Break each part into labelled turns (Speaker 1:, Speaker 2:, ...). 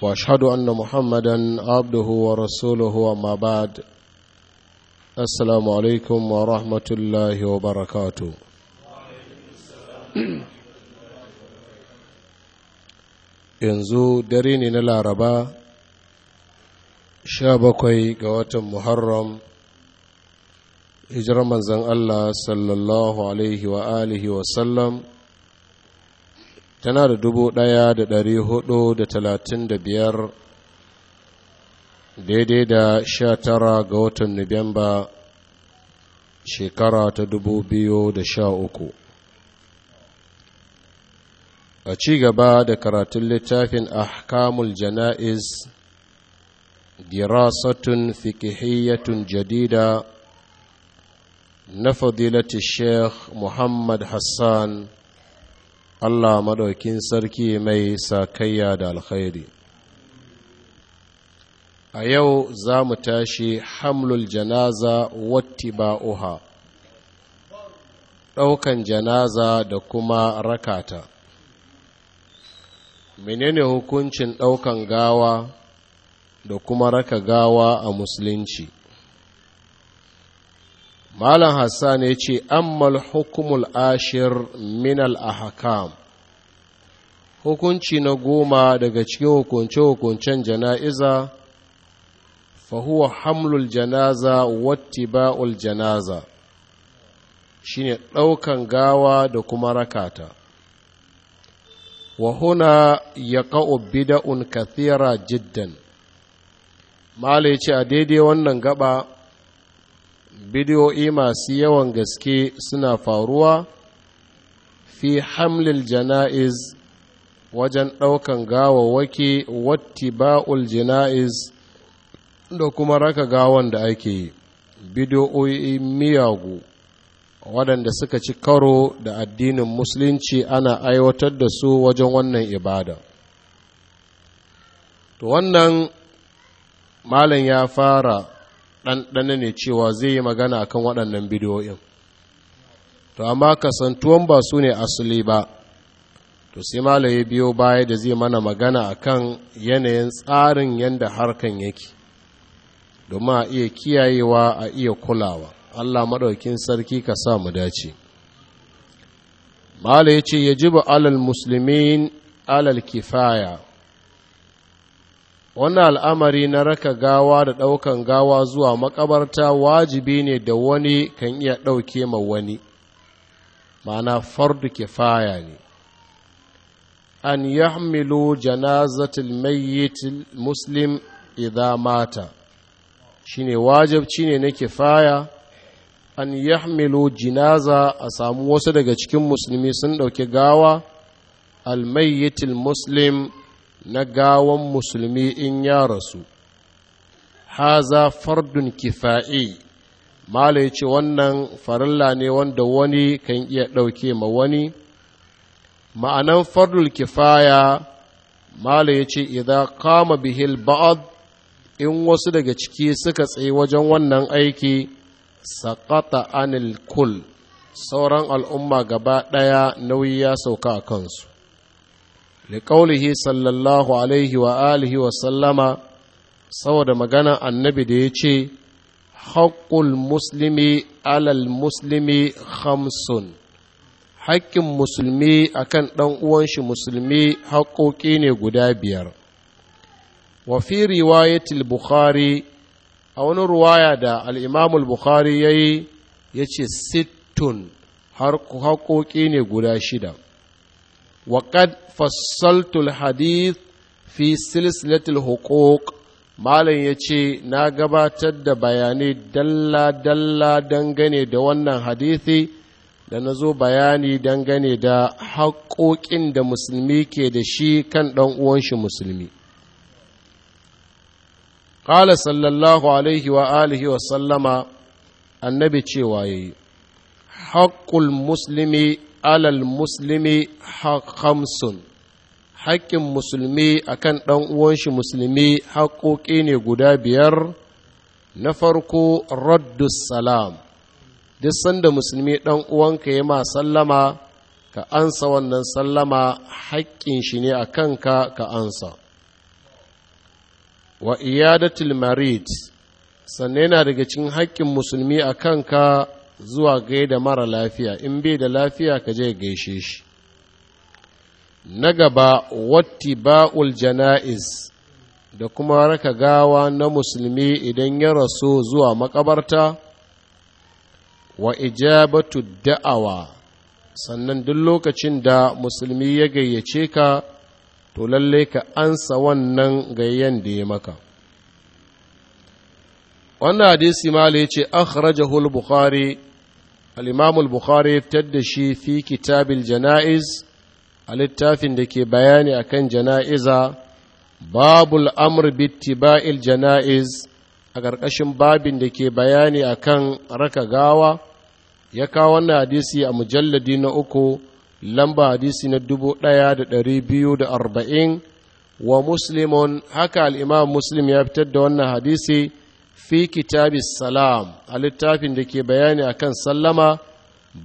Speaker 1: واشهد ان محمدا عبده ورسوله وما بعد السلام عليكم ورحمه الله وبركاته yanzu dare ne na laraba sha bakwai ga watan muharram hijirar manzan allah sallallahu alaihi wa alihi sallam. tana da dubu ɗaya da ɗari hudu da talatin da biyar daidai da sha tara ga watan nuwamba shekara ta dubu biyu da sha uku a ci gaba da karatun littafin ahkamul jana'iz dirasatun fikihiyatun jadida na fadilati sheikh muhammad hassan Allah madaukin sarki mai sakayya da alkhairi a yau za mu tashi hamlul janaza ba'uha. ɗaukan janaza da kuma rakata menene hukuncin ɗaukan gawa da kuma raka gawa a musulunci malam hassan ya ce ammal hukumul ashir minal ahakam hukunci na goma daga cikin hukunce-hukuncen jana'iza fahuwa hamlul janaza wattiba'ul janaza shine ɗaukan gawa da kuma rakata Wahuna huna ya ka'o bida'un kathira jiddan Malam ya ce a daidai wannan gaba bidiyo'i masu yawan gaske suna faruwa fi hamlil jana'iz wajen ɗaukan gawawwaki wattiba'ul jana'iz da kuma raka gawan da ake yi bidiyo'i miyagu waɗanda suka ci karo da addinin musulunci ana aiwatar da su wajen wannan ibada to wannan malam ya fara ɗanɗana ne cewa zai yi magana akan waɗannan bidiyoyin to amma kasantuwan ba su ne asali ba to sai malam ya biyo baya da zai mana magana akan yanayin tsarin yadda harkan yake domin a iya kiyayewa a iya kulawa allah maɗaukin sarki ka sa mu dace malam ya ce ya ji ba alal musulmin alal kifaya wannan al'amari na raka gawa da ɗaukan gawa zuwa makabarta wajibi ne da wani kan iya ɗauke ma wani ma'ana fardu kifaya ne an yahmilu janazatul mayyitil muslim idha mata shine wajibci ne na kifaya an yahmilu jinaza a samu wasu daga cikin musulmi sun ɗauki gawa almayyitil muslim na gawan musulmi in ya rasu haza fardun kifa'i mala ya ce wannan farilla ne wanda wani kan iya ɗauke ma wani ma'anan fardul kifaya mala ya ce idan kama bihil ba'ad in wasu daga ciki suka tsaye wajen wannan aiki saƙata anil kul sauran al'umma gaba ɗaya nauyi ya sauka a kansu liƙaulihi sallallahu alaihi wa wa sallama saboda magana annabi da ya ce haƙƙul muslimi alal muslimi hamsun haƙƙin musulmi akan ɗan uwanshi musulmi haƙoƙi ne guda biyar wa fi riwayatil bukhari a wani ruwaya da al'imamul bukhari ya yi ya ce sittun haƙoƙi ne guda shida waƙad fassaltul hadith fi silsilatul huquq malam ya ce na gabatar da bayanai dalla-dalla dangane da wannan hadithi da na zo bayani dangane da haƙoƙin da musulmi ke da shi kan ɗan uwanshi musulmi ƙala sallallahu alaihi wa alihi wa sallama annabi cewa ya yi haƙƙul musulmi alal musulmi hamsin. haƙƙin musulmi akan ɗan uwanshi musulmi haƙoƙi ne guda biyar na farko raddus salam duk sanda musulmi ɗan uwanka ya ma sallama ka ansa wannan sallama haƙƙin shi ne a kanka ka ansa wa iyadatul marid sannan yana daga cikin haƙƙin musulmi a kanka zuwa gaida mara lafiya in bai da lafiya ka je gaishe shi na gaba wati ba'ul jana'iz da kuma raka gawa na musulmi idan ya rasu zuwa makabarta wa ijabatu da'awa sannan duk lokacin da musulmi ya gayyace ka to lalle ka ansa wannan gayyan da ya maka wannan hadisi mala ya ce akhrajahu al-bukhari al bukhari ya fitar da shi fi kitabil janaiz a littafin da ke bayani a kan jana'iza babul amr bittiba'il jana'iz a ƙarƙashin babin da ke bayani a kan raka gawa ya kawo wannan hadisi a mujalladi na uku lamba hadisi na dubu ɗaya da ɗari biyu da arba'in wa muslimun haka al'imam muslim ya fitar da wannan hadisi fi kitabis salam a littafin da ke bayani a kan sallama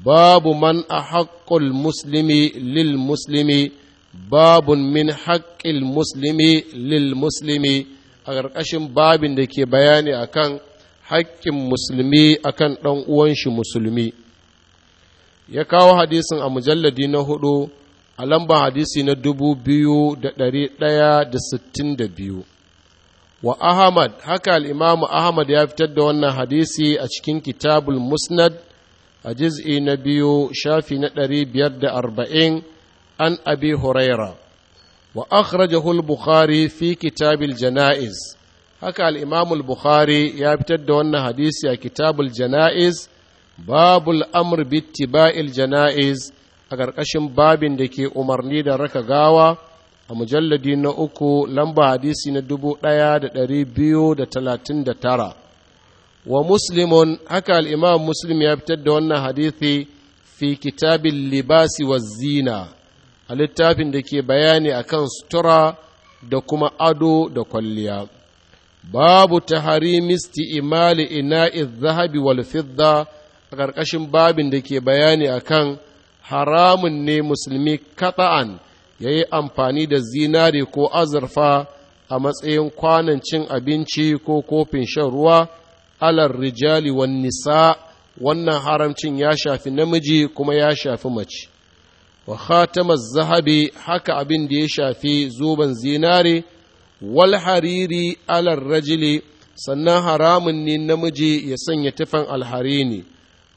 Speaker 1: babu man a haƙƙul muslimi lil muslimi babu min haƙƙil muslimi lil muslimi a ƙarƙashin babin da ke bayani akan haƙƙin musulmi akan ɗan uwanshi musulmi ya kawo hadisin a mujalladi na hudu a lamban hadisi na dubu biyu da ɗari ɗaya da sittin da biyu wa ahmad haka al'imamu ahmad ya fitar da wannan hadisi a cikin kitabul musnad a jiz'i na biyu shafi na ɗari biyar da arba'in an abi huraira wa akhrajahu al-bukhari fi kitabil janaiz haka al'imamul imam bukhari ya fitar da wannan hadisi a kitabul janaiz babul amr bittiba'il janaiz a ƙarƙashin babin da ke umarni da raka gawa a mujalladi na uku lamba hadisi na dubu ɗaya da ɗari biyu da talatin da tara wa muslimun haka al'imam muslim ya fitar da wannan hadithi fi kitabin libasi wa zina a littafin da ke bayani akan sutura da kuma ado da kwalliya babu taharimisti imali ina'iz zahabi wal fidda a ƙarƙashin babin da ke bayani akan haramun ne musulmi kata'an ya yi amfani da zinare ko azurfa a matsayin kwanon cin abinci ko kofin shan ruwa alar rijali wan nisa wannan haramcin ya shafi namiji kuma ya shafi mace wa khatamaz zahabi haka abin da ya shafi zoben zinare wal hariri alar rajili sannan haramun ne namiji ya sanya tufan alharini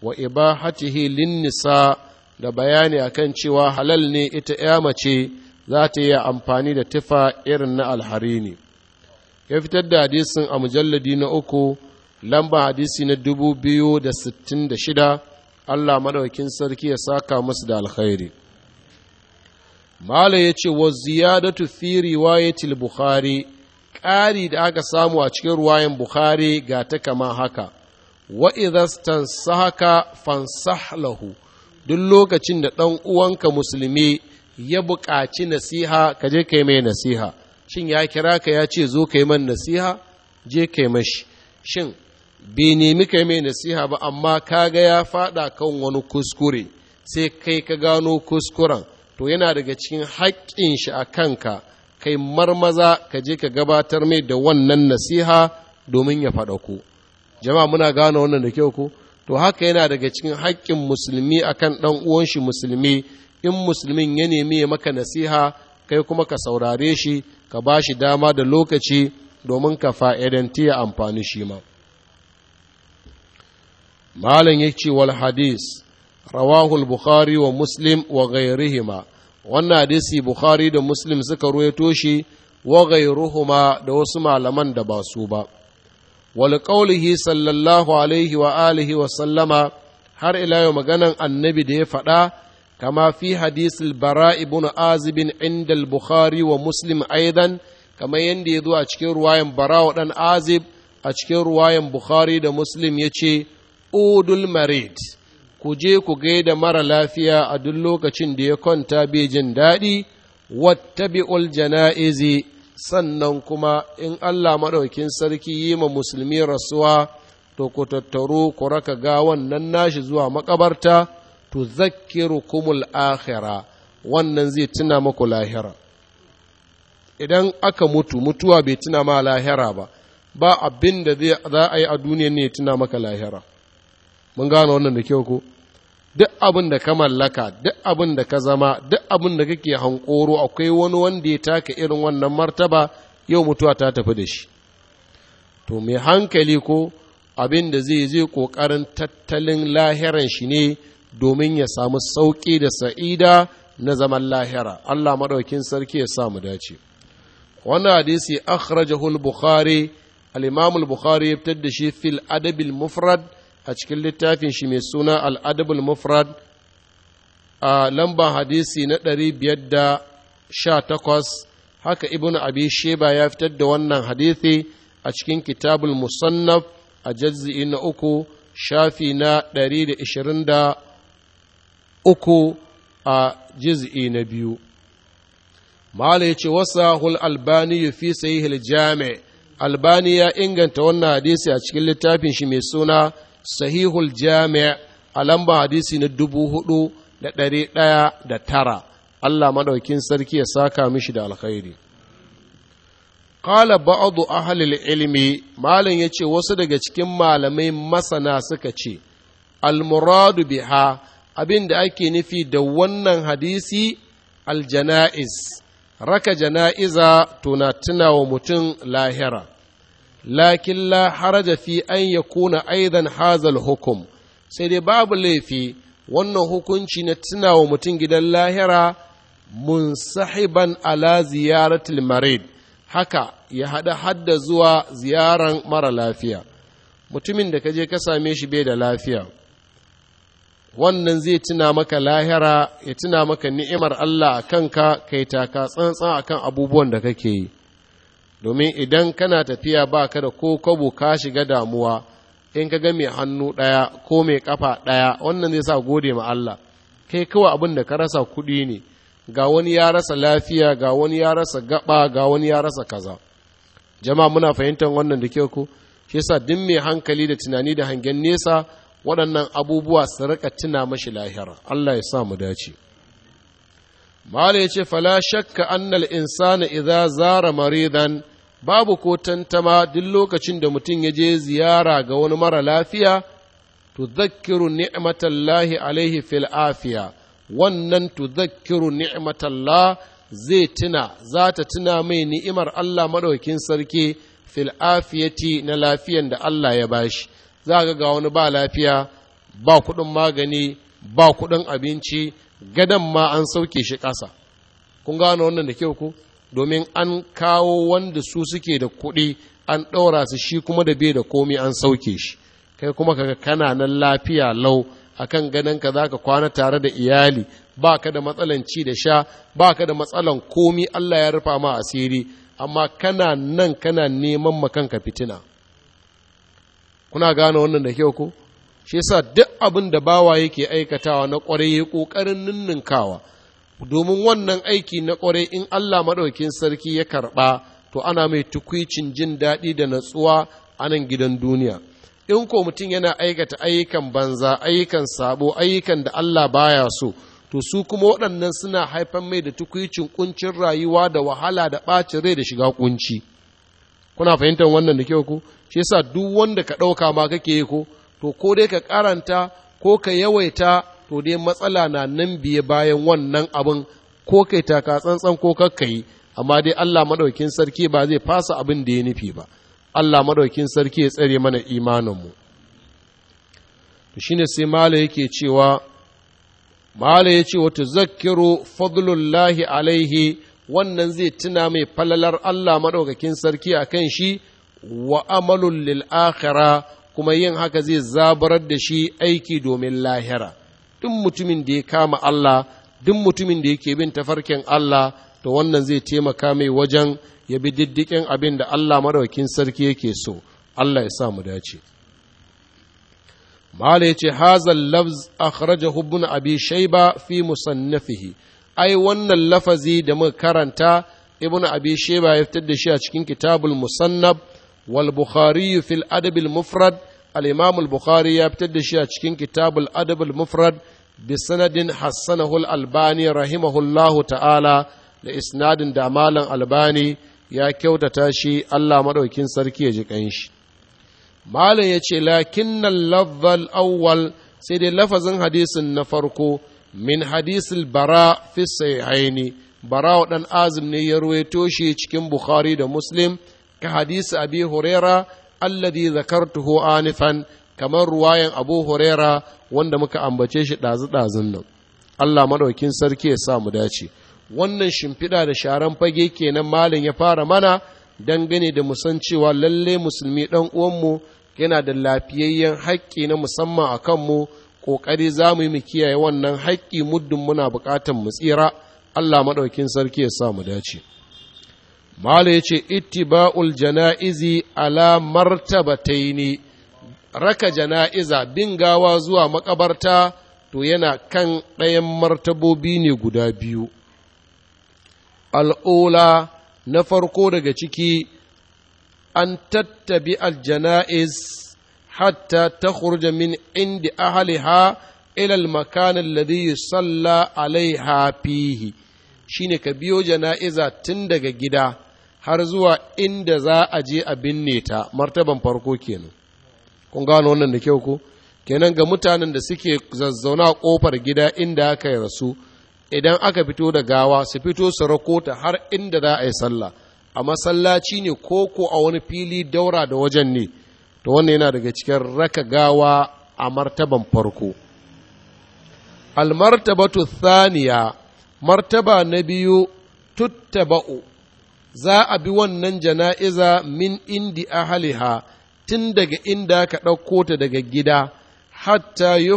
Speaker 1: wa ibahatihi lin nisa da bayani akan cewa halal ne ita ya mace za ta yi amfani da tufa irin na alharini ya fitar da hadisin a mujalladi na uku lamba hadisi na 2066 Allah madaukin sarki ya saka musu da alkhairi mala ya ce wa ziyadatu fi riwayatil bukhari ƙari da aka samu a cikin ruwayan bukhari ga ta kama haka wa idastan sahaka fansahlahu duk lokacin da ɗan uwanka musulmi ya buƙaci nasiha ka je kai mai nasiha shin ya kira ka ya ce zo kai man nasiha je kai mashi shin bai nemi kai mai nasiha ba amma kaga ya fada kan wani kuskure sai kai ka gano kuskuren to yana daga cikin haƙƙin shi a kanka kai marmaza ka je ka gabatar mai da wannan nasiha domin ya faɗa ku jama'a muna gano wannan da kyau ko to haka yana daga cikin haƙƙin musulmi akan ɗan uwan shi musulmi in musulmin ya nemi ya maka nasiha kai kuma ka saurare shi ka ba shi dama da lokaci domin ka fa'idanti ya amfani shi ma. malam ya ce wal hadis rawahul bukhari wa muslim wa gairihima wannan hadisi bukhari da muslim suka ruwaito shi wa gairuhuma da wasu malaman da ba su ba wal qaulihi sallallahu alaihi wa alihi wa sallama har ila yau maganan annabi da ya faɗa kama fi hadisul bara ibn azibin inda bukhari wa muslim aidan kama yadda ya zo a cikin ruwayan bara wa ɗan azib a cikin ruwayan bukhari da muslim yace ce udul marid ku je ku gaida mara lafiya a duk lokacin da ya kwanta bai jin daɗi wattabi'ul jana'izi sannan kuma in Allah maɗaukin sarki yi ma musulmi rasuwa to ku tattaro ku raka ga wannan nashi zuwa makabarta to zakkiru kumul akhira wannan zai tuna maku lahira idan aka mutu mutuwa bai tuna ma lahira ba ba abin da za a yi a duniya ne tuna maka lahira mun gane wannan da kyau ko duk abin da ka mallaka duk abin da ka zama duk abin da kake hankoro akwai wani wanda ya taka irin wannan martaba yau mutuwa ta tafi da shi to mai hankali ko abin da zai zai ƙoƙarin tattalin lahiran shi ne domin ya samu sauƙi da sa'ida na zaman lahira Allah maɗaukin sarki ya samu dace wannan hadisi akhrajahu al-bukhari al-imam al-bukhari ya fitar da shi fil adabil mufrad a cikin littafin shi mai suna al'adabul mufrad a lamban hadisi na 518 biyar haka ibn abi sheba ya fitar da wannan hadisi a cikin kitabul musannaf a jazzi na uku shafi na ɗari da ishirin da a jiz'i na biyu mala ya ce wasahul albani fi sahihil albani ya inganta wannan hadisi a cikin littafin shi mai suna sahihul jami' a lamba hadisi na dubu hudu da ɗari ɗaya da tara Allah maɗaukin sarki ya saka mishi da alkhairi Kala ba'adu ahalil ilmi malin ya ce wasu daga cikin malamai masana suka ce, Almuradu biha abin da ake nufi da wannan hadisi aljana'iz, raka jana'iza tuna tuna wa mutum lahira. lakin la haraja fi an ya kuna aidan hazal hukum sai dai babu laifi wannan hukunci na tuna wa mutum gidan lahira munsahiban ala ziyaratul marid haka ya haɗa hadda zuwa ziyaran mara lafiya mutumin da ka je ka same shi bai da lafiya wannan zai tuna maka lahira ya tuna maka ni'imar Allah a kanka kai taka tsantsan akan abubuwan da kake yi domin idan kana tafiya ba ka da ko kwabo ka shiga damuwa in ka ga mai hannu ɗaya ko mai ƙafa ɗaya wannan zai sa gode ma Allah kai kawai abin da ka rasa kuɗi ne ga wani ya rasa lafiya ga wani ya rasa gaba ga wani ya rasa kaza jama'a muna fahimtar wannan da kyau ko shi yasa duk mai hankali da tunani da hangen nesa waɗannan abubuwa su rika tuna mashi lahira Allah ya sa mu dace mala yace fala shakka annal insana idza zara maridan babu ko tantama duk lokacin da mutum ya je ziyara ga wani mara lafiya tuzakkiru ni'imatallahi alaihi fil afiya wannan tuzakkiru ni'imatallah zai tuna za ta tuna mai ni'imar Allah maɗaukin sarki fil na lafiyan da Allah ya bashi za ga ga wani ba lafiya ba kuɗin magani ba kuɗin abinci gadan ma an sauke shi ƙasa kun gano wannan da kyau ko domin an kawo wanda su suke da kuɗi an ɗaura su shi kuma da bai da komi an sauke shi kai kuma kaga kana nan lafiya lau akan ganin ka zaka kwana tare da iyali ba ka da matsalan ci da sha ba ka da matsalan komi Allah ya rufa ma asiri amma kana nan kana neman makanka fitina kuna gane wannan da kyau ko shi yasa duk abin da bawa yake aikatawa na kwarai ya kokarin kawa domin wannan aiki na ƙwarai in Allah maɗaukin sarki ya karɓa to ana mai tukwicin jin daɗi da natsuwa a nan gidan duniya in ko mutum yana aikata ayyukan banza ayyukan sabo ayyukan da Allah baya so to su kuma waɗannan suna haifan mai da tukwicin kuncin rayuwa da wahala da ɓacin rai da shiga kunci kuna fahimtar wannan da kyau ko shi yasa duk wanda ka ɗauka ma kake yi ko to ko dai ka karanta ko ka yawaita to dai matsala na nan biye bayan wannan abin ko kai taka tsantsan ko kakkai amma dai Allah madaukin sarki ba zai fasa abin da ya nufi ba Allah madaukin sarki ya tsare mana imaninmu to shine sai mala yake cewa mala ya ce wata zakkiru fadlullahi alaihi wannan zai tuna mai falalar Allah madaukakin sarki akan shi wa amalul lil akhirah kuma yin haka zai zabarar da shi aiki domin lahira duk mutumin da ya kama Allah duk mutumin da yake bin tafarkin Allah to wannan zai taimaka mai wajen ya bi diddikin abin da Allah maraukin sarki yake so Allah ya sa mu dace Mala ya ce, Hazan lafz akhraja ibn abi shaiba fi musannafihi, ai wannan lafazi da muka karanta ibn abi shaiba ya fitar da shi a cikin kitabul musannab wal bukhari fil adabil mufrad al-imam al-bukhari ya fitar da shi a cikin kitabul adabil mufrad bi sanadin hassanahul rahimahullahu ta'ala da isnadin da malam albani ya kyautata shi Allah maɗaukin sarki ya ji ƙanshi. Malam ya ce, nan lafzal awwal sai dai lafazin hadisin na farko min hadisil bara fi sahihaini bara ɗan azim ne ya ruwaito shi cikin Bukhari da Muslim ka hadisi abi Huraira alladhi zakartuhu anifan kamar ruwayan abu huraira wanda muka ambace shi ɗazu-ɗazun nan allah maɗaukin sarki ya sa mu dace wannan shimfiɗa da sharan fage kenan malin ya fara mana dangane da musan cewa lalle musulmi ɗan uwanmu yana da lafiyayyen haƙƙi na musamman a kanmu ƙoƙari za mu yi mu kiyaye wannan haƙƙi muddin muna buƙatar mu tsira allah maɗaukin sarki ya sa mu dace mala ya ce ittiba'ul jana'izi ala martabataini raka jana'iza bin gawa zuwa makabarta to yana kan ɗayan martabobi ne guda biyu al'ula na farko daga ciki an tattabi aljana'iz hatta ta min indi ahaliha ilal makanin ladhi salla alaiha fihi shine ka biyo jana'iza tun daga gida har zuwa inda za a je a binne ta martaban farko kenan kun gano wannan da kyau ko kenan ga mutanen da suke zazzauna kofar gida inda aka yi rasu idan aka fito da gawa su fito su rakota har inda za a yi sallah a masallaci ne ko ko a wani fili daura da wajen ne to wannan yana daga cikin raka gawa a martaban farko almartabatu thaniya martaba na biyu tuttaba'u za a bi wannan jana'iza min indi ahaliha tun daga inda ka ɗauko ta daga gida hatta yi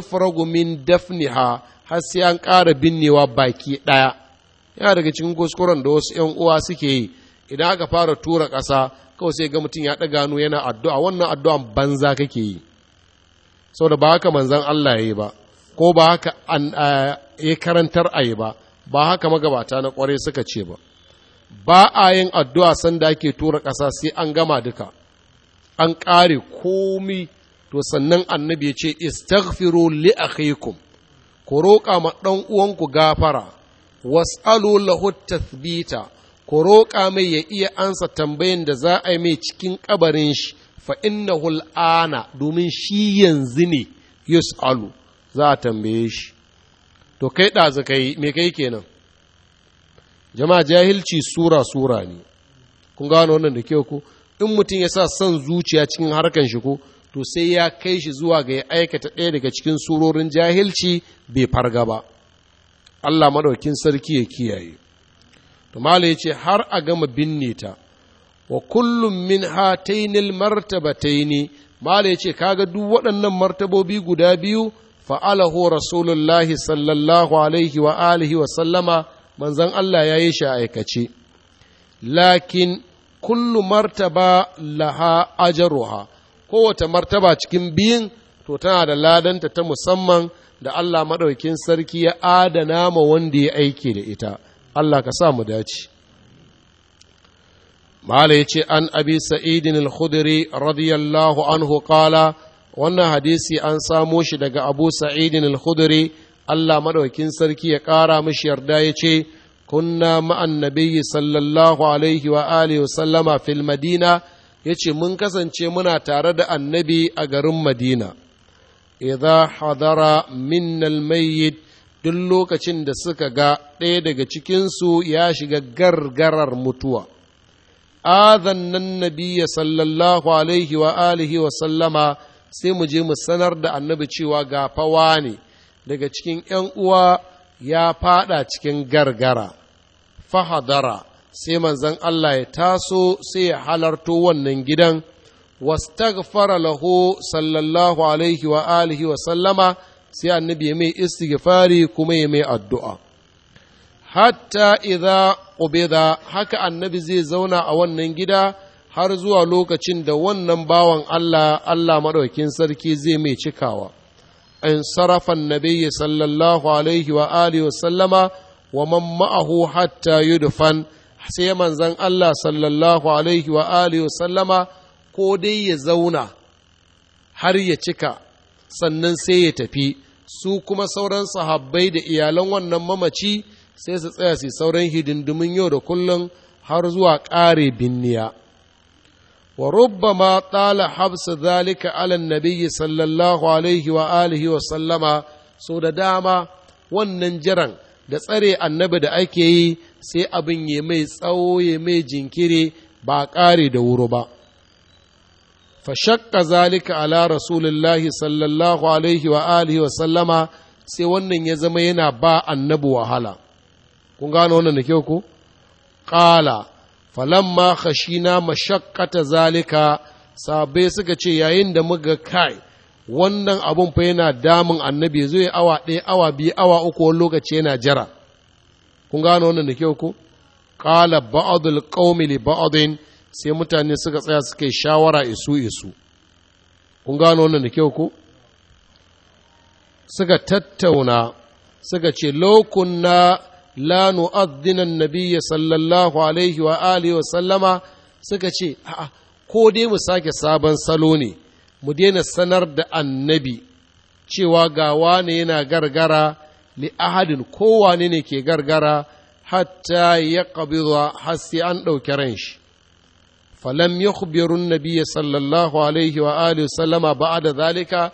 Speaker 1: min dafniha har sai an ƙara binnewa baki ɗaya yana daga cikin kuskuren da wasu ‘yan uwa suke yi idan aka fara tura ƙasa kawai sai ga mutum ya ɗaga hannu yana addu'a wannan addu'an banza kake yi saboda ba haka manzan Allah ya yi ba ko ba haka an ya karantar a yi ba ba haka magabata na ƙwarai suka ce ba ba a yin addu'a sanda ake tura ƙasa sai an gama duka an ƙare komi to sannan annabi ya ce istaghfiru li akhikum ku roƙa ma ɗan uwanku gafara was'alu lahu tathbita ku roƙa mai ya iya ansa tambayin da za a yi mai cikin ƙabarin shi fa innahu al'ana domin shi yanzu ne yus'alu za a tambaye shi to kai ɗazu kai me kai kenan jama'a jahilci sura sura ne kun gano wannan da kyau ko in mutum ya sa son zuciya cikin harkan shi ko to sai ya kai shi zuwa ga ya aikata ɗaya daga cikin surorin jahilci bai farga ba Allah maɗaukin sarki ya kiyaye to mala yace har a gama binne ta wa kullum min hatainil martabataini mala yace kaga duk waɗannan martabobi guda biyu fa'alahu rasulullahi sallallahu alaihi wa alihi wa sallama manzon Allah ya yi shi aikace lakin kullu martaba laha ajaruha kowace martaba cikin biyin, to tana da ladanta ta musamman da Allah maɗaukin sarki ya adana ma wanda ya aiki da ita Allah ka sa mu dace Mala yace an abi sa'idin al-khudri radiyallahu anhu qala wannan hadisi an samo shi daga abu sa'idin al-khudri Allah maɗaukin sarki ya ƙara mashi yarda yace ce kunna ma'an sallallahu alaihi wa wa sallama fil madina yace mun kasance muna tare da annabi a garin madina idza hadara minnal duk lokacin da suka ga ɗaya daga cikinsu ya shiga gargarar mutuwa azan nan nabiya sallallahu alaihi wa alihi wa sallama sai mu je mu sanar da annabi cewa gafawa ne daga cikin ‘yan uwa ya faɗa cikin gargara fahadara sai manzon Allah ya taso sai ya halarto wannan gidan wastaghfara lahu sallallahu alaihi wa alihi wa sallama sai annabi ya mai istighfari kuma ya mai addu'a hatta idza qubida haka annabi zai zauna a wannan gida har zuwa lokacin da wannan bawan Allah Allah madaukin sarki zai mai cikawa in sarafan nabiyyi sallallahu alaihi wa alihi wa sallama wa man ma'ahu hatta yudfan sai manzon Allah sallallahu alaihi wa alihi wa sallama ko dai ya zauna har ya cika sannan sai ya tafi su kuma sauran sahabbai da iyalan wannan mamaci sai su tsaya su sauran hidindimin yau da kullun har zuwa ƙare binniya wa rubbama tsala habsa zalika ala nabiyyi sallallahu alaihi wa alihi wa sallama so da dama wannan jiran da tsare annabi da ake yi sai abin ya mai tsawo ya mai jinkiri ba a ƙare da wuro ba fashakka zalika ala rasulullahi sallallahu alaihi wa alihi wa sallama sai wannan ya zama yana ba annabi wahala kun gano wannan da kyau ko ƙala falamma khashina mashakkata zalika sabai suka ce yayin da muga kai wannan abun fa yana damun annabi zai awa ɗaya awa biyu awa uku wani lokaci yana jira kun gano wannan da kyau ko qala ba'dul qaumi li ba'din sai mutane suka tsaya suka yi shawara isu isu kun gano wannan da kyau ko suka tattauna suka ce lokunna la nu'adhdhina an-nabiyya sallallahu alaihi wa alihi wa sallama suka ce a'a ko dai mu sake sabon salo ne mu daina sanar da annabi cewa ga wane yana gargara li ahadin kowane ne ke gargara hatta ya ƙabiza har sai an ɗauki ran shi falam ya kubirun nabiya sallallahu alaihi wa alihi sallama ba da zalika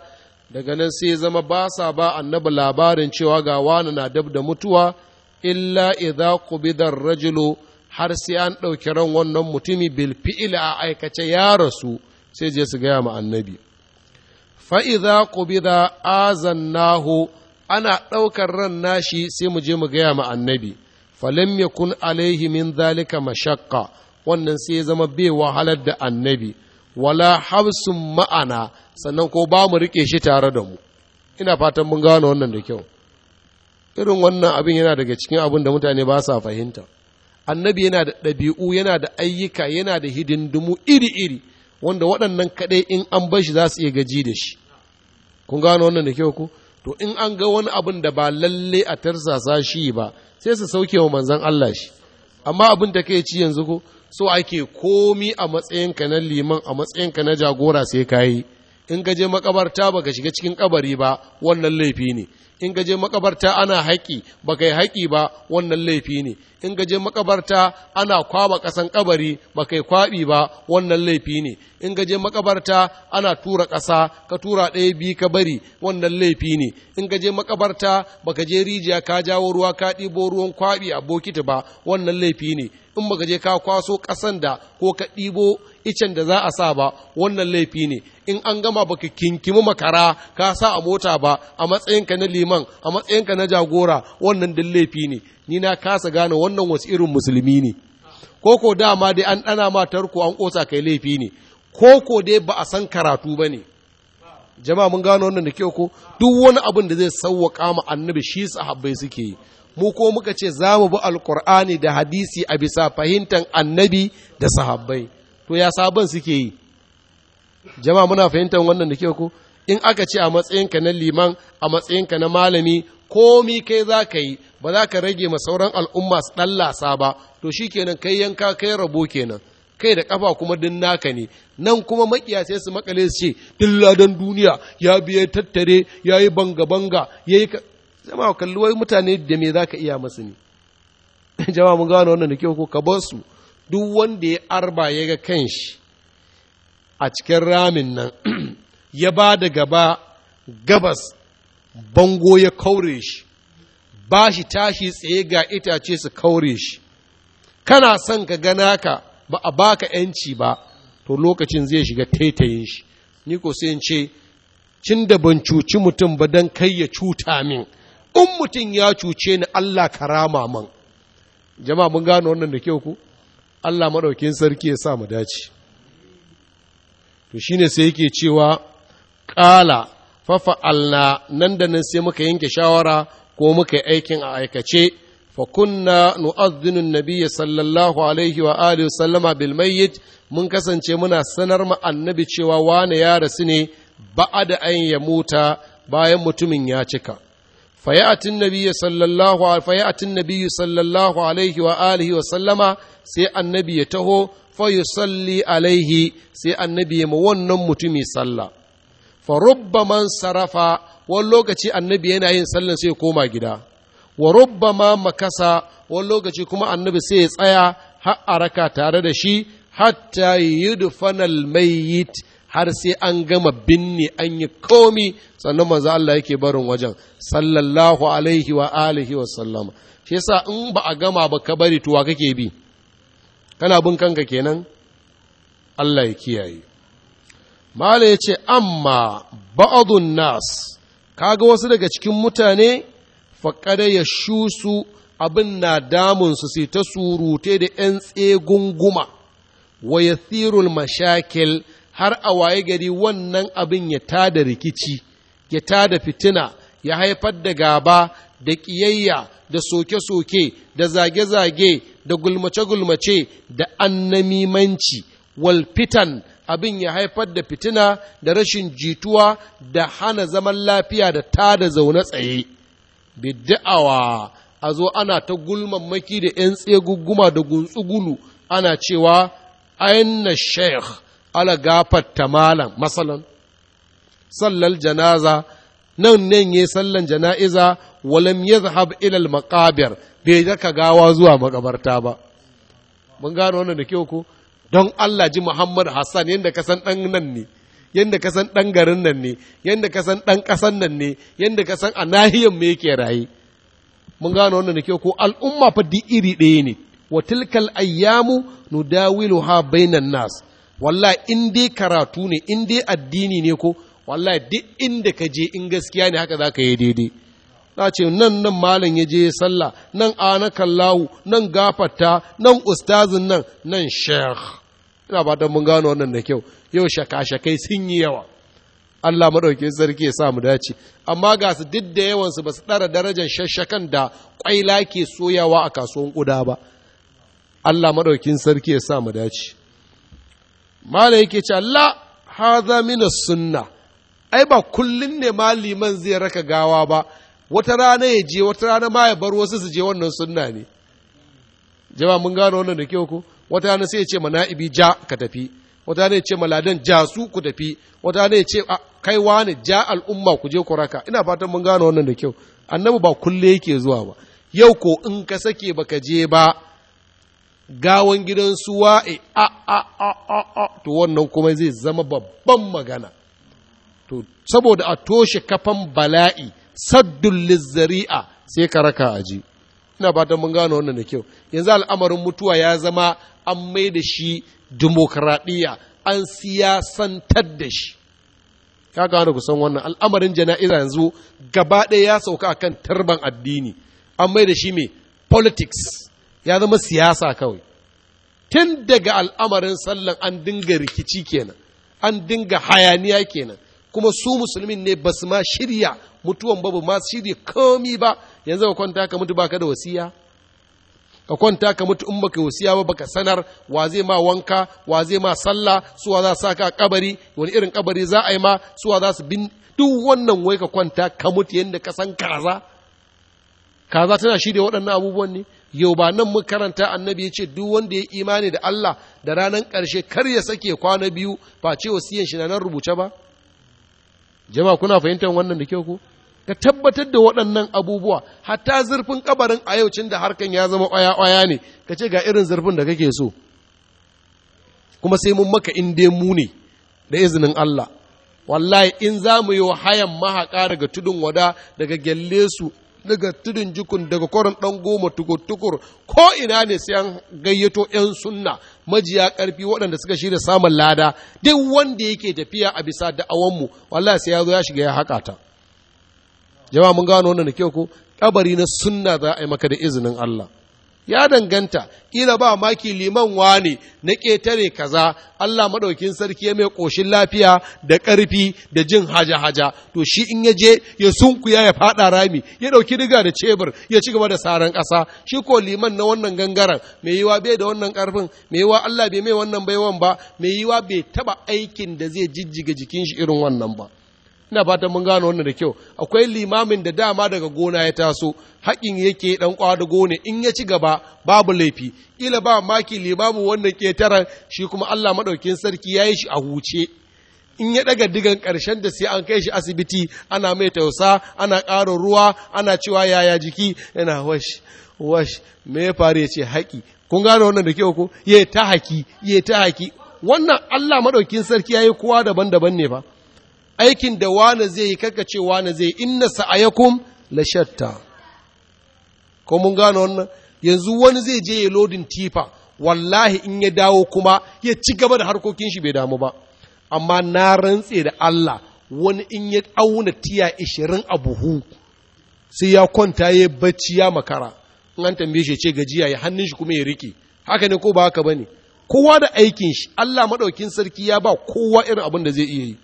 Speaker 1: daga nan sai zama ba sa ba annabi labarin cewa ga wani na dab da mutuwa illa idza qubidar rajulu har sai an ɗauki ran wannan mutumi bil fi'ila a aikace ya rasu sai je su gaya ma annabi fa'iza azan nahu ana ɗaukar ran nashi sai mu je mu gaya ma annabi falam kun alaihi min zalika mashakka wannan sai ya zama bai wahalar da annabi wala hafsun ma'ana sannan ko ba mu rike shi tare da mu ina fatan mun gano wannan da kyau irin wannan abin yana daga cikin abin da mutane ba sa fahimta annabi yana da ɗabi'u yana da ayyuka yana da hidindimu iri-iri wanda waɗannan kaɗai in an bashi shi za su iya gaji da shi kun gano wannan da kyau ku to in an ga wani abin da ba lalle a tarsasa shi ba sai su sauke wa manzan Allah shi amma abin da kai ci yanzu ko so ake komi a matsayinka na liman a matsayin ka na jagora sai ka yi in ka je makabarta baka shiga cikin kabari ba wannan laifi ne in gaje makabarta ana haƙi ba kai haƙi ba wannan laifi ne in gaje makabarta ana kwaba ƙasan ƙabari ba kai kwaɓi ba wannan laifi ne in gaje makabarta ana tura ƙasa ka tura ɗaya bi ka bari wannan laifi ne in gaje makabarta ba ka je rijiya ka jawo ruwa ka ɗibo ruwan kwaɓi a bokiti ba wannan laifi ne in baka je ka kwaso ƙasan da ko ka ɗibo icen da za a sa ba wannan laifi ne in an gama baka kinkimi makara ka sa a mota ba a matsayinka na liman a matsayinka na jagora wannan duk laifi ne ni na kasa gane wannan wasu irin musulmi ne ko ko dama dai an ɗana ma tarko an ƙosa kai laifi ne ko dai ba a san karatu ba ne jama'a mun gano wannan da kyau ko duk wani abin da zai sauwaƙa ma annabi shi sahabbai suke yi mu ko muka ce za mu bi alkur'ani da hadisi a bisa fahimtar annabi da sahabbai to ya sabon suke yi jama'a muna fahimtar wannan da ke ko in aka ce a matsayinka na liman a matsayinka na malami komi kai za ka yi ba za ka rage ma sauran al'umma su ɗallasa ba to shi kenan kai yanka kai rabo kenan kai da kafa kuma din naka ne nan kuma makiya sai su makale su ce duk ladan duniya ya biya tattare ya yi banga-banga ya yi jama'a kalli wai mutane da me ka iya masu ne jama'a mun gano wannan da kyau ko ka bar su duk wanda ya arba ya ga kanshi a cikin ramin nan ya ba da gaba gabas bango ya kaure shi ba shi tashi tsaye ga itace su kaure shi kana son ka gana ka ba a baka yanci ba to lokacin zai shiga taitayin shi ni ko sai in ce cin da ban cuci mutum ba don kai ya cuta min in mutum ya cuce ni Allah karama man jama'a mun gano wannan da kyau ku Allah maɗaukin sarki ya sa mu dace to shine sai yake cewa ƙala fafa'alna nan da nan sai muka yanke shawara ko muka yi aikin a aikace fa kunna nu'adhdhinu an sallallahu alaihi wa alihi sallama bil mayyit mun kasance muna sanar ma annabi cewa wane ya rasu ne ba'ada an ya muta bayan mutumin ya cika fayatin nabiya sallallahu fayatin nabiya sallallahu alaihi wa alihi wa sallama sai annabi ya taho fa yusalli alaihi sai annabi ya wannan mutumi sallah fa rubbaman sarafa wani lokaci annabi yana yin sallar sai ya koma gida wa rubbama makasa wani lokaci kuma annabi sai ya tsaya har araka tare da shi hatta yudfana al-mayyit har sai an gama binne an yi komi sannan manzo Allah yake barin wajen sallallahu alaihi wa alihi wa sallama shi yasa in ba a gama ba ka bari tuwa kake bi kana bin kanka kenan Allah ya kiyaye mala ya ce amma ba'adun nas kaga wasu daga cikin mutane faƙada ya su abin na su sai ta surute da ‘yan tsegunguma wa ya mashakil har a waye gari wannan abin ya tada rikici ya tada fitina ya haifar da gaba da ƙiyayya da soke-soke da zage-zage da gulmace-gulmace da annamimanci wal fitan abin ya haifar da fitina da rashin jituwa da hana zaman lafiya da tada zaune tsaye bidda'awa a zo ana ta maki da 'yan tsegugguma da guntsugulu ana cewa ainihin sheikh ala gafatta malam masalan Sallar janaza nan nan ya sallan jana'iza walam yazhab ila ilal maqabir bai daka gawa zuwa makabarta ba mun gano wannan da kyau ko don Allah ji Muhammad Hassan yadda ka san ɗan nan ne, yadda ka san ɗan garin nan ne, yadda ka san ɗan ƙasan nan ne, yadda ka san a nahiyar me yake raye. Mun gano wannan da ke ko al'umma fa di iri ɗaya ne, wa tilkal ayyamu nu dawilu ha bainan nas. wallahi in dai karatu ne in dai addini ne ko wallahi duk inda ka je in gaskiya ne haka za ka yi daidai na ce nan nan malam ya je sallah nan ana kallawu nan gafata nan ustazin nan nan sheikh ina ba mun gano wannan da kyau yau shaka-shakai sun yi yawa Allah maɗauki sarki ya sa mu dace amma ga su duk da yawansu ba su ɗara darajar shashakan da ƙwaila ke soyawa a kasuwan ƙuda ba Allah maɗaukin sarki ya sa mu dace mala yake ce Allah za mina sunna ai ba kullum ne maliman zai raka gawa ba wata rana ya je wata rana ma ya bar wasu su je wannan sunna ne jama mun gano wannan da kyau ko wata rana sai ya ce mana'ibi ja ka tafi wata rana ya ce maladan ja su ku tafi wata rana ya ce kai wani ja al'umma ku je ku raka ina fatan mun gano wannan da kyau annabi ba kulle yake zuwa ba yau ko in ka sake baka je ba Gawon gidan su wa'e a a a a a to wannan kuma zai zama babban magana to saboda a toshe kafan bala'i saddun lizzari'a sai ka raka aji ina fatan mun gano wannan da kyau yanzu al'amarin mutuwa ya zama an mai da shi dimokuraɗiyya an siyasantar da shi ya gano ku san wannan al'amarin jana'iza yanzu gaba ɗaya ya sauka a kan tarban addini an mai da shi mai politics ya zama siyasa kawai tun daga al'amarin sallan an dinga rikici kenan an dinga hayaniya kenan kuma su musulmin ne ba su ma shirya mutuwan babu ma shirya komi ba yanzu ka kwanta ka mutu baka da wasiya ka kwanta ka mutu in baka wasiya ba baka sanar wa zai ma wanka wa zai ma sallah suwa za su saka kabari wani irin kabari za a yi ma suwa za su bin duk wannan wai ka kwanta ka mutu yadda ka san kaza kaza tana shirya waɗannan abubuwan ne yau ba nan karanta annabi ya ce duk wanda ya imani da Allah da ranar ƙarshe kar ya sake kwana biyu ba ce wasiyan shi na nan rubuce ba jama kuna fahimtar wannan da kyau ko ka tabbatar da waɗannan abubuwa hatta zurfin kabarin a yau da harkan ya zama ƙwaya-ƙwaya ne ka ce ga irin zurfin da kake so kuma sai mun maka in mu ne da izinin Allah wallahi in za mu yi wa hayan mahaƙa daga tudun wada daga gyalle su daga tudun jikun daga kwarin ɗan goma tukur-tukur ko ina ne sai an gayyato 'yan sunna majiya karfi waɗanda suka shirya samun lada duk wanda yake tafiya a bisa da'awanmu wallahi sai ya zo ya shiga ya haƙa ta jama'a mun gano wannan da kyau ko kabari na sunna za a yi maka da izinin Allah ya danganta kila ba maki liman wane na ƙetare kaza Allah maɗaukin sarki ya mai ƙoshin lafiya da ƙarfi da jin haja-haja to shi in ya je ya sunkuya ya faɗa rami ya ɗauki riga da cebur ya ci gaba da saran ƙasa shi ko liman na wannan gangaren mai yiwa bai da wannan ƙarfin mai yiwa Allah bai mai wannan baiwan ba mai yiwa bai taɓa aikin da zai jijjiga jikin shi irin wannan ba ina fatan mun gano wannan da kyau akwai limamin da dama daga gona ya taso haƙin yake dan da gone in ya ci gaba babu laifi kila ba maki limamin wannan ketaran shi kuma Allah madaukin sarki yayi shi a huce in ya daga digan ƙarshen da sai an kai shi asibiti ana mai tausa ana ƙarin ruwa ana cewa yaya jiki yana wash wash me ya ya ce haƙi kun gano wannan da kyau ko ya ta haki ya ta haki wannan Allah madaukin sarki yayi kowa daban-daban ne ba aikin da wane zai yi karka ce wane zai inna sa'ayakum la shatta ko mun gano wannan yanzu wani zai je ya lodin tifa wallahi in ya dawo kuma ya ci gaba da harkokin shi bai damu ba amma na rantse da Allah wani in ya auna tiya ishirin a buhu sai ya kwanta ya bacci ya makara in an tambaye shi ce gajiya ya hannun shi kuma ya rike haka ne ko ba haka bane kowa da aikin shi Allah maɗaukin sarki ya ba kowa irin abin da zai iya yi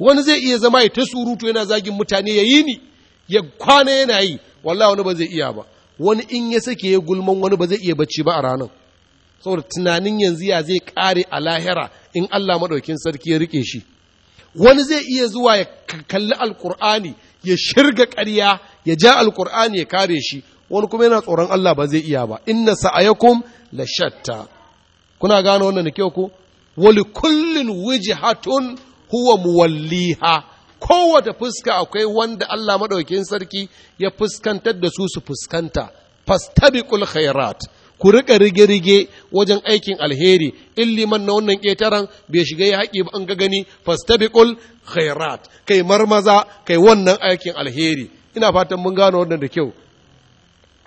Speaker 1: wani zai iya zama ya ta surutu yana zagin mutane ya yi ni ya kwana yana yi wallahi wani ba zai iya ba wani in ya sake ya gulman wani ba zai iya bacci ba a ranar saboda tunanin yanzu ya zai kare a lahira in Allah maɗaukin sarki ya rike shi wani zai iya zuwa ya kalli alkur'ani ya shirga ƙarya ya ja alkur'ani ya kare shi wani kuma yana tsoron Allah ba zai iya ba inna sa'ayakum la shatta kuna gano wannan da kyau ko wali kullin hatun huwa muwalliha kowace fuska akwai wanda Allah maɗaukin sarki ya fuskantar da su su fuskanta fastabiqul khairat ku rika rige-rige wajen aikin alheri in liman na wannan ƙetaren bai shiga ya haƙi ba an ga gani fastabiqul khairat kai marmaza kai wannan aikin alheri ina fatan mun gano wannan da kyau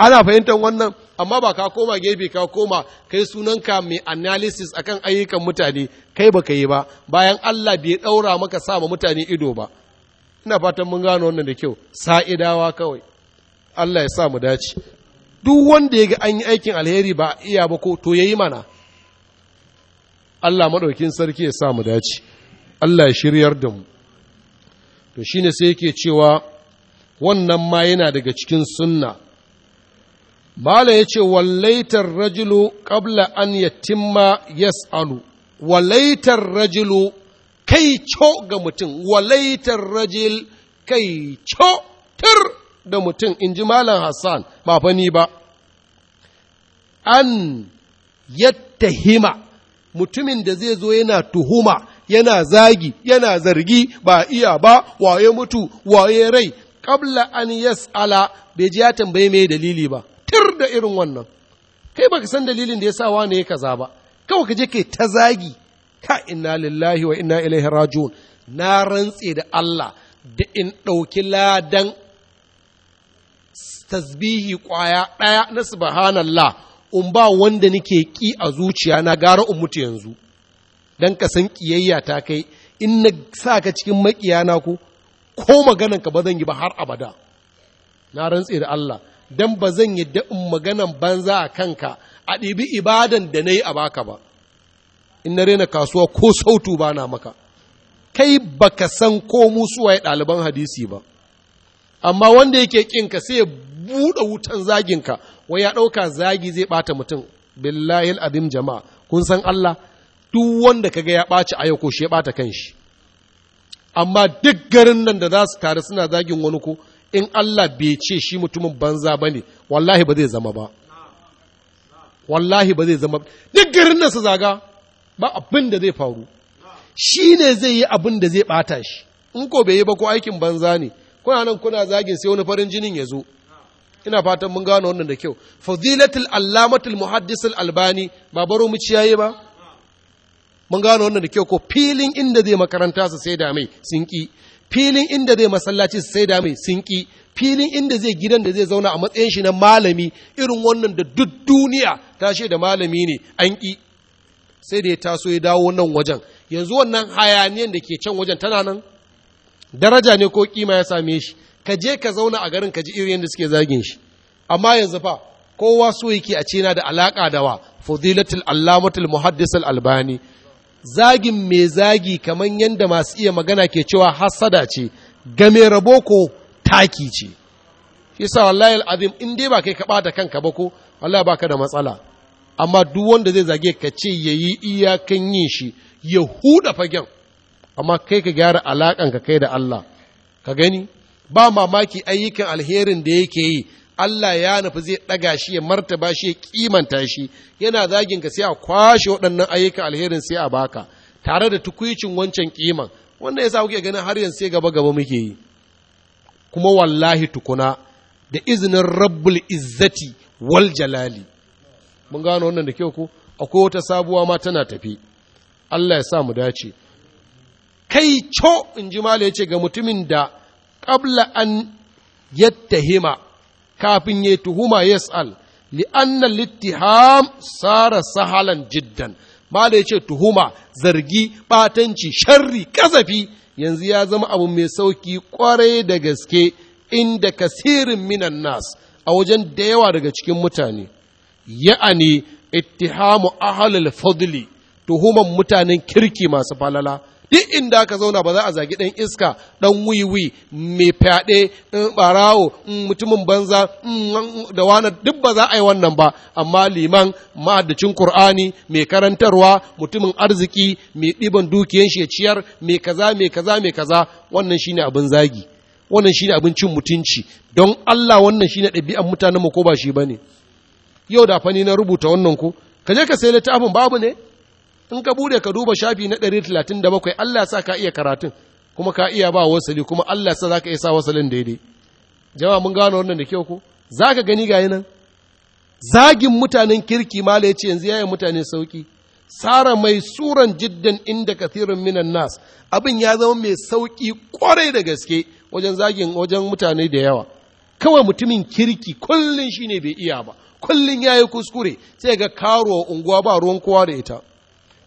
Speaker 1: ana fahimtar wannan amma ba ka koma gefe ka koma kai sunanka mai analysis akan ayyukan mutane kai ba ka yi ba bayan Allah bai daura maka sama mutane ido ba ina fatan mun gano wannan da kyau sa'idawa kawai Allah ya sa mu dace duk wanda ya ga an yi aikin alheri ba iya ba ko to yayi mana Allah madaukin sarki ya sa mu dace Allah ya shiryar da mu to shine sai yake cewa wannan ma yana daga cikin sunna Bala ya ce, Wallaitar rajulu ƙabla an yatimma yas'alu, walaitar rajulu kai co ga mutum, walaitar rajil kai co tur da mutum, in ji Malam Hassan, ba fa ni ba. An yattahima mutumin da zai zo yana tuhuma, yana zagi, yana zargi, ba iya ba, waye mutu, waye rai, ƙabla an yas'ala, bai ji ya tambaye mai dalili ba. tir da irin wannan kai baka san dalilin da ya sa wane ya kaza ba kawai ka je kai ta zagi ka inna lillahi wa inna ilaihi rajiun na rantse da Allah da in ɗauki ladan tasbihi kwaya ɗaya na subhanallah in ba wanda nake ki a zuciya na gara in mutu yanzu dan ka san kiyayya ta kai in na sa ka cikin makiyana ko ko maganan ka ba zan yi ba har abada na rantse da Allah don ba zan yi da'in maganan banza a kanka a ɗibi ibadan da na yi a baka ba in na rena kasuwa ko sautu ba na maka kai ba ka san ko musuwa ya ɗaliban hadisi ba amma wanda yake ƙinka sai ya buɗe wutan zaginka wai ya ɗauka zagi zai ɓata mutum billahi abin jama'a kun san Allah duk wanda ka ga ya ɓaci a yau ko shi ya ɓata shi amma duk garin nan da za su tare suna zagin wani ko in Allah bai ce shi mutumin banza ba ne wallahi ba zai zama ba wallahi ba zai zama duk garin nasu zaga ba abin da zai faru shi ne zai yi abin da zai bata shi in ko bai yi ba ko aikin banza ne kuna nan kuna zagin sai wani farin jinin ya zo ina fatan mun gano wannan da kyau fadilatul allamatul muhaddisul albani ba baro mu ciyaye ba mun gano wannan da kyau ko filin inda zai makaranta su sai da mai sun ki filin inda zai masallaci su sai da mai sun filin inda zai gidan da zai zauna a matsayin shi na malami irin wannan da duk duniya ta da malami ne an ƙi sai da ya taso ya dawo nan wajen yanzu wannan hayaniyan da ke can wajen tana nan daraja ne ko kima ya same shi ka je ka zauna a garin ka ji irin yadda suke zagin shi amma yanzu fa kowa so yake a ce na da alaka da wa fadilatul allamatul muhaddis albani zagin mai zagi kamar yadda masu iya magana ke cewa hasada ce game rabo ko taki ce shi sa wallahi al'azim in dai ba kai ka bata kanka ba ko wallahi baka da matsala amma duk wanda zai zage ka ce yayi iyakan yin shi ya huda fagen amma kai ka gyara alakan ka kai da Allah ka gani ba mamaki ayyukan alherin da yake yi Allah ya nufi zai ɗaga shi ya martaba shi ya kimanta shi yana zagin ka sai a kwashe waɗannan ayyuka alherin sai a baka tare da tukuicin wancan kiman wanda yasa kuke ganin har yanzu sai gaba gaba muke yi kuma wallahi tukuna da izinin rabbul izzati wal jalali mun gano wannan da kyau ko akwai wata sabuwa ma tana tafi Allah ya sa mu dace kai co in ji mala ya ga mutumin da ƙabla an yattahima kafin ya tuhuma ya yas'al li'anna littiham sara sahalan jiddan mala ya ce tuhuma zargi batanci sharri kasafi yanzu ya zama abu mai sauki kwarai da gaske inda kasirin minan nas a wajen da yawa daga cikin mutane ya'ani ittihamu ahlul fadli tuhuman mutanen kirki masu falala duk inda ka zauna ba za a zagi ɗan iska ɗan wiwi mai fyaɗe ɓarawo mutumin banza da wani duk ba za a yi wannan ba amma liman ma'adacin Kur'ani mai karantarwa mutumin arziki mai ɗiban dukiyan shi ciyar mai kaza mai kaza mai kaza wannan shine abin zagi wannan shine abin cin mutunci don Allah wannan shine ɗabi'an mutanen mu ko ba shi bane yau da fani na rubuta wannan ko je ka sai littafin babu ne in ka bude ka duba shafi na 137 Allah sa ka iya karatun kuma ka iya ba wasali kuma Allah sa zaka iya sa wasalin daidai jama mun gano wannan da kyau ko ka gani gayi nan zagin mutanen kirki la yace yanzu yayin mutane sauki sara mai suran jiddan inda kathirun minan nas abin ya zama mai sauki kwarai da gaske wajen zagin wajen mutane da yawa kawai mutumin kirki kullun shine bai iya ba kullun yayi kuskure sai ga karo unguwa ba ruwan kowa da ita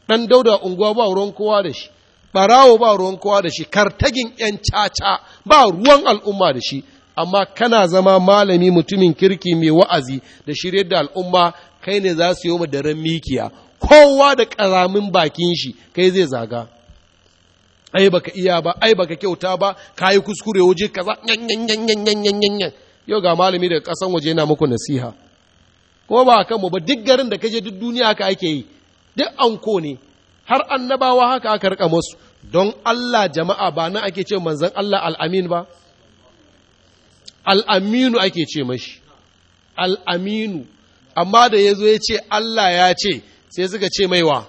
Speaker 1: ɗan dauda unguwa ba ruwan kowa da shi ɓarawo ba ruwan kowa da shi kartagin ‘yan caca ba ruwan al'umma da shi amma kana zama malami mutumin kirki mai wa'azi da shiryar da al'umma kai ne za su yi mu daren mikiya kowa da ƙaramin bakin shi kai zai zaga ai baka iya ba ai baka kyauta ba ka yi kuskure waje kaza yau ga malami daga ƙasan waje yana muku nasiha ko ba kan mu ba duk garin da kaje duk duniya ka ake yi duk anko ne har annabawa haka aka rika musu don Allah jama'a ba nan ake ce manzan Allah al'amin ba al'aminu ake ce mashi al'aminu amma da ya zo ya ce Allah ya ce sai suka ce mai wa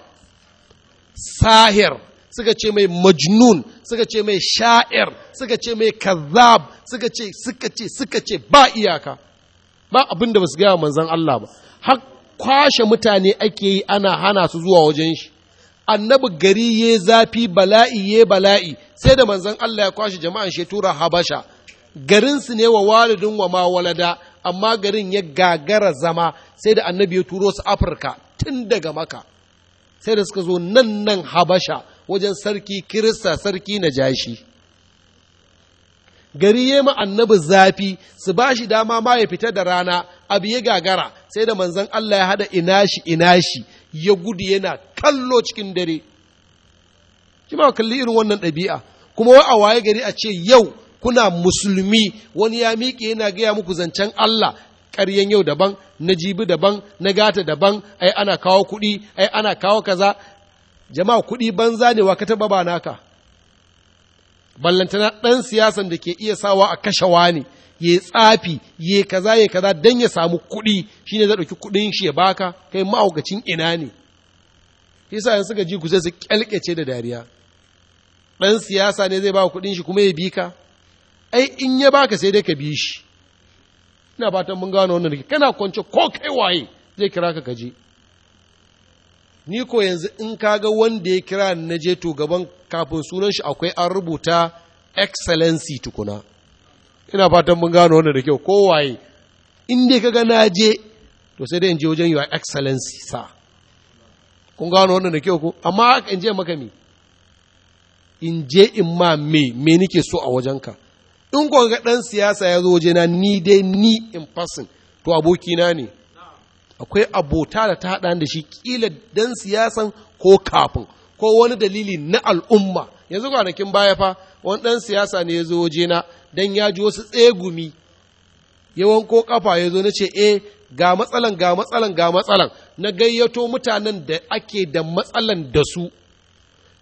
Speaker 1: sahir suka ce mai majnun suka ce mai sha'ir suka ce mai kazab suka ce suka ce suka ce ba iyaka ba abin da ba su gaya manzan Allah ba har kwashe mutane ake yi ana hana su zuwa wajen shi annabi gari ya zafi bala'i ya bala'i sai da manzon Allah ya kwashe jama'an shi tura habasha garinsu ne wa walidin wa ma walada amma garin ya gagara zama sai da annabi ya turo su afirka tun daga maka sai da suka zo nan nan habasha wajen sarki kirista sarki na jashi gari ya ma annabi zafi su ba shi dama ma ya fita da rana abu ya gagara sai da manzon Allah ya hada ina shi ina shi ya gudu yana kallo cikin dare kima kalli irin wannan ɗabi'a kuma wa a waye gari a ce yau kuna musulmi wani ya miƙe yana gaya muku zancen Allah ƙaryen yau daban na jibi daban na gata daban ai ana kawo kuɗi ai ana kawo kaza jama'a kuɗi banza ne wa ka taɓa ba naka ballantana ɗan siyasan da ke iya sawa a kashewa ne ya tsafi ya kaza ya kaza don ya samu kuɗi shi zai ɗauki kuɗin shi ya baka kai ma'aukacin ina ne yasa yanzu suka ji kusa su kyalkyace da dariya ɗan siyasa ne zai ba kuɗin shi kuma ya bi ka ai in ya baka sai dai ka bi shi ina fatan mun gano wannan kana kwance ko kai waye zai kira ka kaje ni ko yanzu in kaga wanda ya kira na je to gaban kafin sunan shi akwai an rubuta excellency tukuna ina fatan mun gano wannan da kyau waye in dai kaga na je to sai dai in je wajen your excellency sa kun gano wannan da kyau ko amma in je maka me in je in ma me me nake so a wajenka in ko ga dan siyasa ya zo wajena ni dai ni in fasin to abokina ne akwai abota da ta haɗa da shi ƙila dan siyasan ko kafin ko wani dalili na al'umma yanzu kwanakin baya fa wani ɗan siyasa ne ya zo wajena Don ya ji wasu tsegumi yawan ko kafa ya zo na ce eh ga matsalan ga matsalan ga matsalan na gayyato mutanen da ake da matsalan da su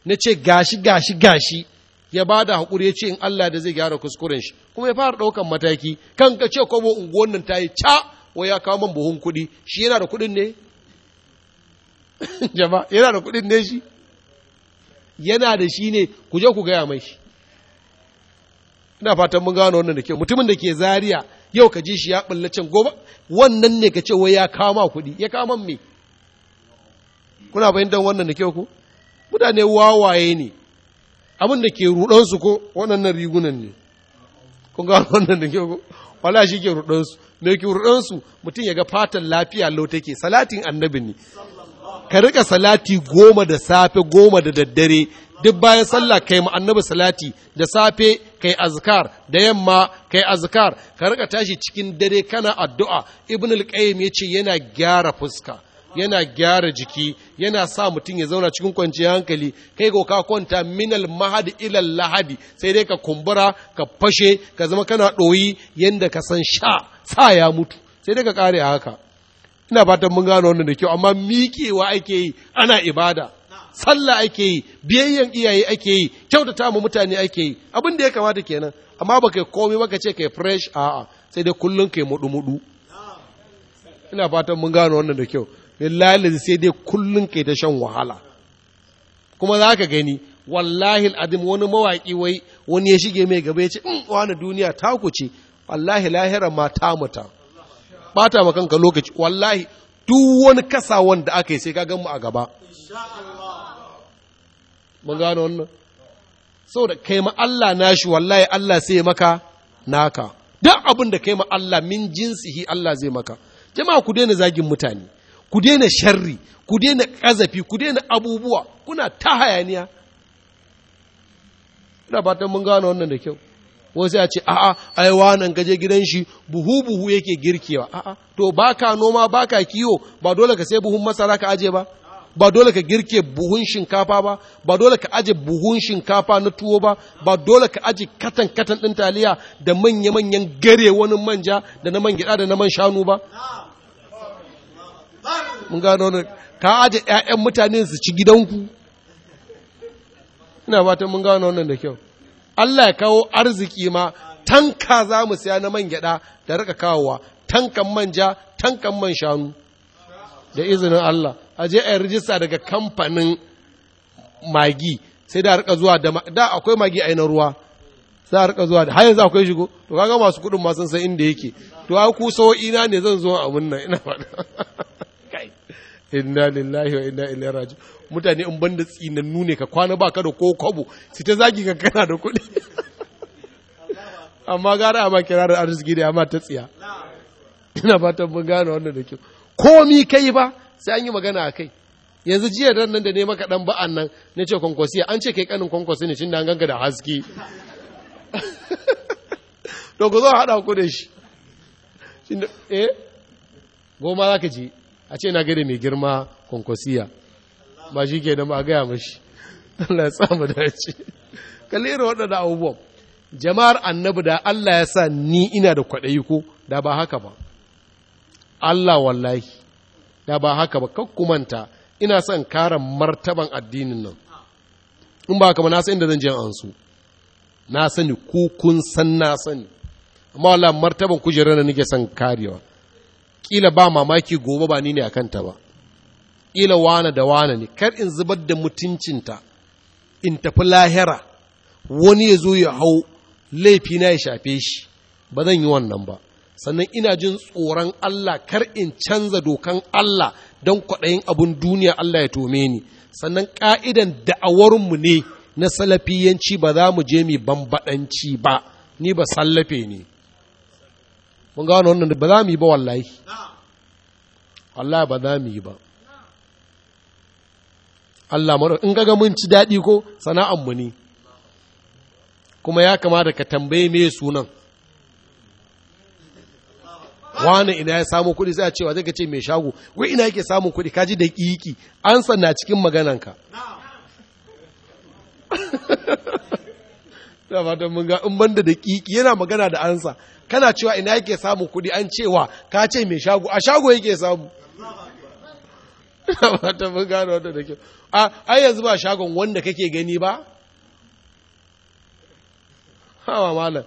Speaker 1: na ce gashi gashi gashi ya ba da haƙuri ya ce in Allah da zai gyara kuskuren shi kuma ya fara ɗaukan mataki kan ka ce kwabo unguwannin nan ta yi ca wai ya kawo man buhun kuɗi shi yana da kuɗin ne Jama yana da kuɗin ne shi yana da shi ne ku je ku gaya mai shi ina fatan mun gano wannan da kyau mutumin da ke zariya yau ka ji shi ya ɓulla can gobe wannan ne ka ce wai ya kama kuɗi ya man me kuna fahimtar wannan da kyau ku mutane wawaye ne abin da ke rudansu ko waɗannan rigunan ne kun gano wannan da kyau ku wala shi ke rudansu mai kyurɗansu mutum ya ga fatan lafiya lau ke. salatin annabi ne ka rika salati goma da safe goma da daddare duk bayan sallah kai mu annabi salati da safe kai azkar da yamma kai azkar ka rika tashi cikin dare kana addu'a ibn al-qayyim yace yana gyara fuska yana gyara jiki yana sa mutum ya zauna cikin kwanciyar hankali kai ko ka kwanta minal mahadi ilal lahadi sai dai ka kumbura ka fashe ka zama kana ɗoyi yanda ka san sha sa ya mutu sai daga kare a haka ina fatan mun gano wannan da kyau amma miƙewa ake yi ana ibada sallah ake yi biyayyen iyaye ake yi kyautata mu mutane ake yi abin da ya kamata kenan amma baka komai baka ce kai fresh a'a sai dai kullun kai mudu mudu ina fatan mun gano wannan da kyau billahi sai dai kullun kai ta shan wahala kuma za ka gani wallahi al'adim wani mawaƙi wai wani ya shige mai gaba ya ce in mm, wani duniya ta kuce wallahi lahira mata mata. bata ma kanka lokaci wallahi duk wani kasa wanda aka yi sai ka mu a gaba mun gano wannan saboda kai ma Allah nashi wallahi Allah sai maka naka duk abin da kai ma Allah min jinsihi Allah zai maka jama'a ku daina zagin mutane ku daina sharri ku daina kazafi ku daina abubuwa kuna ta hayaniya ina fatan mun gano wannan da kyau sai a ce a'a ai wannan gaje gidan shi buhu buhu yake girkewa a'a to baka noma baka kiwo ba dole ka sai buhun masara ka aje ba ba dole ka girke buhun shinkafa ba ba dole ka aje buhun shinkafa na tuwo ba ba dole ka aje katan katan din taliya da manya manyan gare wani manja da na man gida da na man shanu ba mun gano ne ka aje ƴaƴan mutane su ci gidanku ina fatan mun gano wannan da kyau Allah ya kawo arziki ma tanka za mu siya na man gyada da rika kawowa tankan manja tankan man shanu da izinin Allah a je a rijista daga kamfanin magi sai da rika zuwa da da akwai magi a na ruwa za a rika zuwa da har yanzu akwai shigo to kaga masu kudin ma sun san inda yake to ku ina ne zan zo abun nan ina faɗa inna lillahi wa inna ilaihi raji mutane in banda tsinannu ne ka kwana baka da ko kwabo sai ta zagi ka kana da kuɗi amma gara amma kirarar arziki da amma ta tsiya ina fatan mun gane wannan da kyau komi kai ba sai an yi magana a kai yanzu jiya dan nan da ne maka dan ba'an nan na ce kwankwasi an ce kai kanin kwankwasi ne shin da an da haske to ku zo haɗa ku da shi eh goma za ka je a ce na gada mai girma kwankwasiya ba shi ke da ma gaya mashi Allah ya samu dace kalera waɗanda abubuwan jama'ar annabi da Allah ya sa ni ina da kwaɗayi ko da ba haka ba Allah wallahi da ba haka ba kakkumanta ina son kara martaban addinin nan in ba kama na san inda zan je an su na sani ko kun san na sani amma wala martaban kujerar da nake son karewa kila ba mamaki gobe ba ni ne a kanta ba kila wane da wane ne kar in zubar da mutuncinta in tafi lahira wani ya zo ya hau laifi na ya shafe shi ba zan yi wannan ba sannan ina jin tsoron Allah kar in canza dokan Allah don kwaɗayin abin duniya Allah ya tome ni sannan ƙa'idan da'awarmu ne na salafiyanci ba za mu je mu bambaɗanci ba ni ba sallafe ne mun gano wannan ba za mu yi ba wallahi wallahi ba za mu yi ba Allah mara in kaga mun ci daɗi ko sana'an mu ne kuma ya kamata ka tambaye me sunan wani ina ya samu kuɗi sai a cewa zai ce mai shago wai ina yake samun kuɗi kaji da ƙiƙi an sanna cikin magananka da fatan mun ga in banda da ƙiƙi yana magana da ansa kana cewa ina yake samun kuɗi an cewa ka ce mai shago a shago yake samu ta mun gano wata da kyau a yanzu ba shagon wanda kake gani ba hawa malam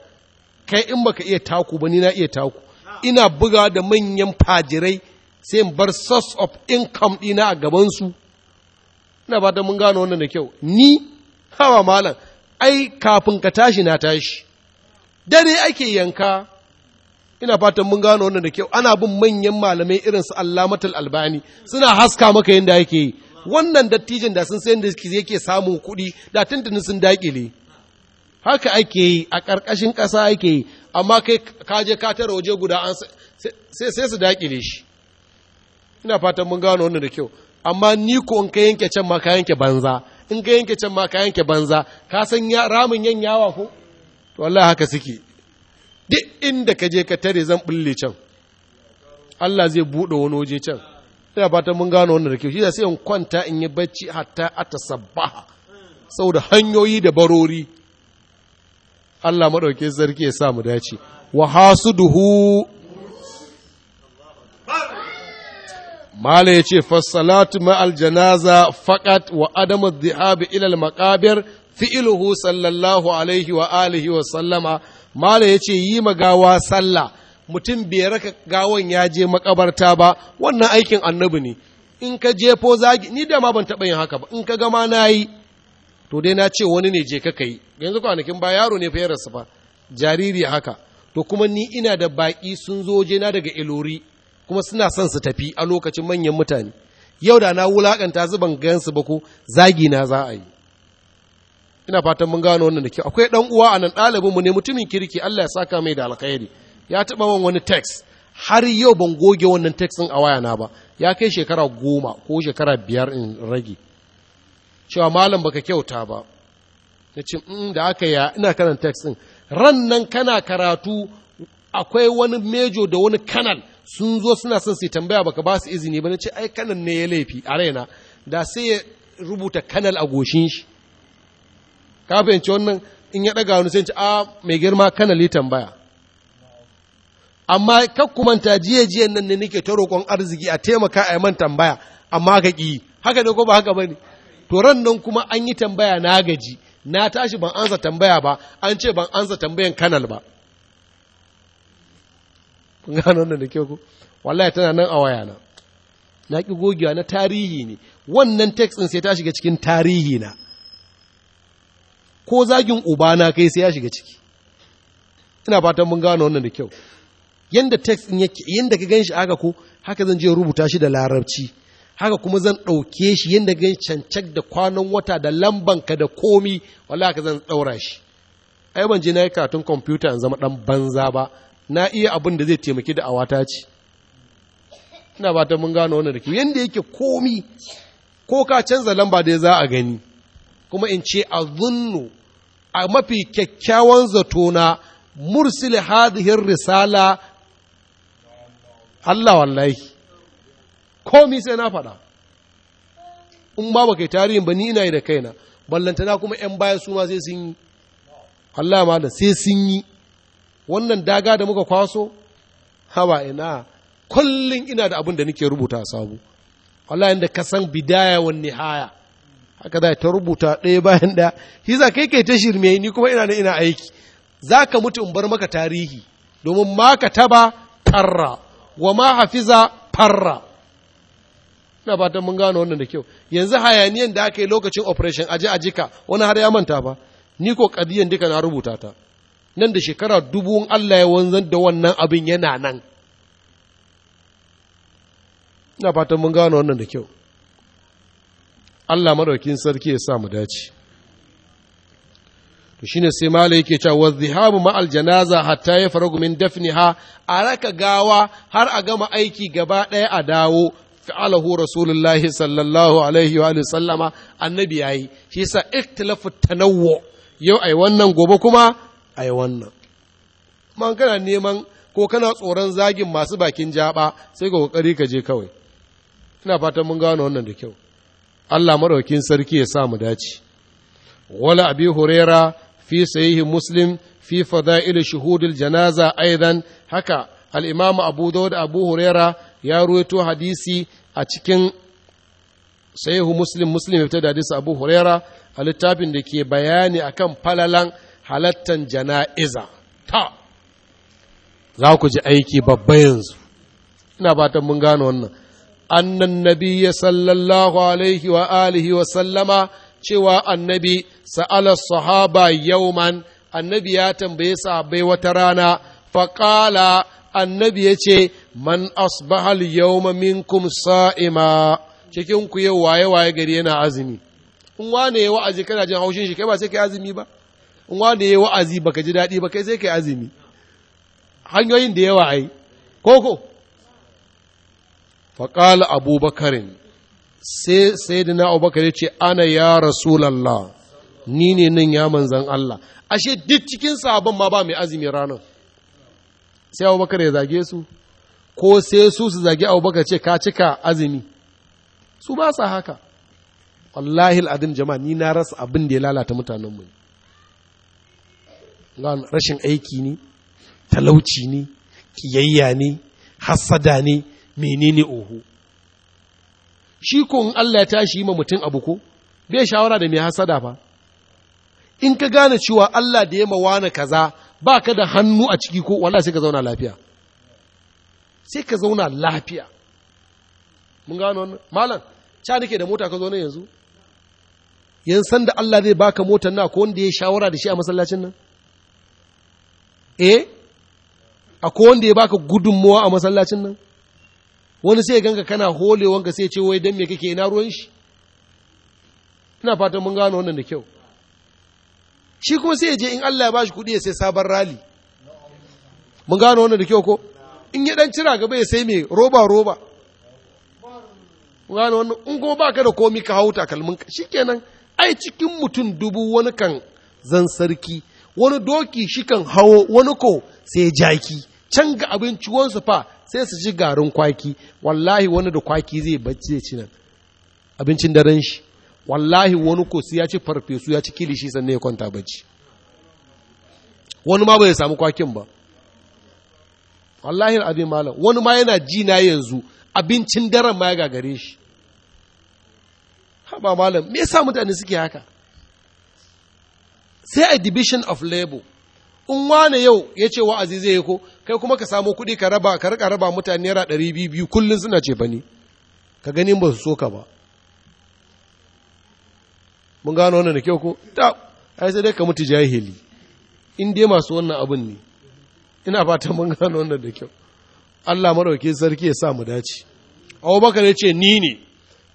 Speaker 1: kai in baka iya taku ba ni na iya taku ina buga da manyan fajirai sai in bar source of income ɗina a gabansu ina ba ta mun gano wannan da kyau ni hawa malam ai kafin ka tashi na tashi dare ake yanka ina fatan mun gano wannan da kyau ana bin manyan malamai irin su Allamatul Albani suna haska maka yanda yake yi wannan dattijin da sun sayan da yake samun kuɗi da tuntunin sun daƙile. haka ake yi a ƙarƙashin ƙasa ake yi amma kai kaje ka tara waje guda an sai sai su daƙile shi ina fatan mun gano wannan da kyau amma ni ko in ka yanke can ma ka yanke banza in ka yanke can ma ka yanke banza ka san ramin yan yawa ko to wallahi haka suke duk inda ka je ka tare zan bulle can Allah zai buɗe wani waje can ina fata mun gano wannan da kyau shi sai in kwanta in yi bacci hatta atasabbaha saboda hanyoyi da barori Allah maɗauke sarki ya sa mu dace wa hasuduhu Mala ya ce, Fassalatu ma'al janaza faƙat wa adamu zihabi ilal maƙabir iluhu sallallahu alaihi wa alihi wa sallama mala ya ce yi magawa sallah mutum bai raka gawan ya je makabarta ba wannan aikin annabi ne in ka jefo zagi ni da ma ban taɓa yin haka ba in ka gama na yi to dai na ce wani ne je ka yi yanzu kwanakin ba yaro ne fayar su ba jariri haka to kuma ni ina da baƙi sun zo na daga ilori kuma suna son su tafi a lokacin manyan mutane yau da na wulaƙanta su ban gansu ba ko zagi na za a yi ina fatan mun gano wannan da kyau akwai dan uwa anan ɗalibin mu ne mutumin kirki Allah ya saka mai da alkhairi ya taba min wani text har yau ban goge wannan text din a waya na ba ya kai shekara goma ko shekara biyar in rage cewa malam baka kyauta ba ya ce mm, da aka ya ina kanan text din ran nan kana karatu akwai wani mejo da wani kanal sun zo suna son su tambaya baka ba su izini ba na ce ai kanal ne ya laifi a raina da sai ya rubuta kanal a goshin shi ka fahimci wannan in ya ɗaga wani sai a ah, mai girma kana litan baya amma kak ta jiye jiyan nan ne nake ta roƙon arziki a taimaka a yi man tambaya amma ka ƙi haka ne ko ba haka bane to ran nan kuma an yi tambaya na gaji na tashi ban ansa tambaya ba an ce ban ansa tambayan kanal ba kun gano wannan da kyau ko wallahi tana nan a wayana na ki gogewa na tarihi ne wannan text din sai ta shiga cikin tarihi na ko zagin ubana kai sai ya shiga ciki ina fatan mun gano wannan da kyau yanda text din yake yanda ka ganshi haka ko haka zan je rubuta shi da larabci haka kuma zan ɗauke shi yanda ga cancak da kwanan wata da lambanka da komi wallahi haka zan daura shi ai ban je na yi karatun kwamfuta in zama ɗan banza ba na iya abin da zai taimaki da awata ce ina fatan mun gano wannan da kyau yanda yake komi ko ka canza lamba da za a gani kuma in ce a zunnu a mafi kyakkyawan zatona mursil hadihin risala Allah wallahi komi sai na faɗa in ba kai tarihin ba ni ina yi da kaina ballantana kuma 'yan baya suma ma sai sun yi Allah ma da sai sun yi wannan daga da muka kwaso haba ina kullum ina da abin da nake rubuta sabu Allah inda ka san bidaya wa nihaya haka za ta rubuta ɗaya bayan ɗaya shi za kai kai ta shirme ni kuma ina ina aiki za ka mutu in bar maka tarihi domin ma ka taba farra. wa ma hafiza farra ina fatan mun gano wannan da kyau yanzu hayaniyan da aka yi lokacin operation aje ajika wani har ya manta ba ni ko kadiyan duka na rubuta ta nan da shekara dubu Allah ya wanzan da wannan abin yana nan ina fatan mun gano wannan da kyau Allah madaukin sarki ya sa mu dace to shine sai malai yake cewa wa zihabu ma al janaza hatta ya faragu min dafniha a raka gawa har a gama aiki gaba ɗaya a dawo fi'alahu rasulullahi sallallahu alaihi wa sallama annabi yayi shi yasa ikhtilafu tanawwu yau ai wannan gobe kuma ai wannan man kana neman ko kana tsoron zagin masu bakin jaba sai ga kokari ka je kawai ina fatan mun gano wannan da kyau Allah maraukin sarki ya sa mu dace wala abi huraira fi sahihi muslim fi fada'il shuhudil janaza aidan haka al-imamu abu dawud abu huraira ya ruwaito hadisi a cikin sahihu muslim muslim ya da hadisi abu huraira a littafin da ke bayani akan falalan halattan jana'iza ta za ku ji aiki babba yanzu ina fatan mun gano wannan أن النبي صلى الله عليه وآله وسلم cewa annabi sa'ala sahaba yauman annabi ya tambaye sahabbai wata rana faƙala annabi ya ce man asbahal yauma sa'ima cikin yau waye waye gari yana azumi in wane ya wa'azi kana jin haushin shi kai ba sai kai azumi ba in wane ya wa'azi baka ji daɗi ba kai sai kai azumi hanyoyin da yawa ai koko faƙala abubakarin sai sayyidina abubakar ya ce ana ya rasulallah ni ne nan ya manzan Allah ashe duk cikin sabon ma ba mai azumi ranar sai abubakar ya zage su ko sai su su zage abubakar ce ka cika azumi su ba sa haka wallahi al'adun jama'a ni na rasa abin da ya lalata mutanenmu rashin aiki ne talauci ne kiyayya ne hassada ne menene oho shi ko in Allah ya tashi ma mutum abu ko bai shawara da mai hasada fa in ka gane cewa Allah da ya mawana kaza ba ka da hannu a ciki ko wallahi sai ka zauna lafiya sai ka zauna lafiya mun gano wannan malam cha nake da mota ka zo nan yanzu yan san da Allah zai baka motar na ko wanda ya shawara da shi a masallacin nan eh akwai wanda ya baka gudunmuwa a masallacin nan wani sai ganka kana wanka sai ce wai don me kake ina ruwan shi ina fatan mun gano wannan da kyau shi kuma sai je in Allah ya bashi kuɗi ya sai sabon rali mun gano wannan da kyau ko in ya dan cira gaba ya sai mai roba roba mun gano wannan in kuma baka da komi ka hau takalmin ka shikenan ai cikin mutum dubu wani kan zan sarki wani doki shi kan hawo wani ko sai jaki can ga abinci wansu fa sai su ji garin kwaki wallahi wani da kwaki zai bacci ya ci nan abincin daren shi wallahi wani ko ya ci farfesu ya ci kilishi sannan ya kwanta bacci wani ma bai samu kwakin ba wallahi abin malam wani ma yana ji na yanzu abincin daren ma ya gagare shi haba malam me yasa mutane suke haka sai a division of labor in wane yau ya ce wa'azi zai yi ko kai kuma ka samu kuɗi ka raba ka rika raba mutane naira ɗari biyu biyu kullum suna ce bani ka gani ba su so ka ba mun gano wannan da kyau ko ta ai sai dai ka mutu jahili in dai masu wannan abin ne ina fatan mun gano wannan da kyau Allah madauke sarki ya sa mu dace Abubakar ya ce ni ne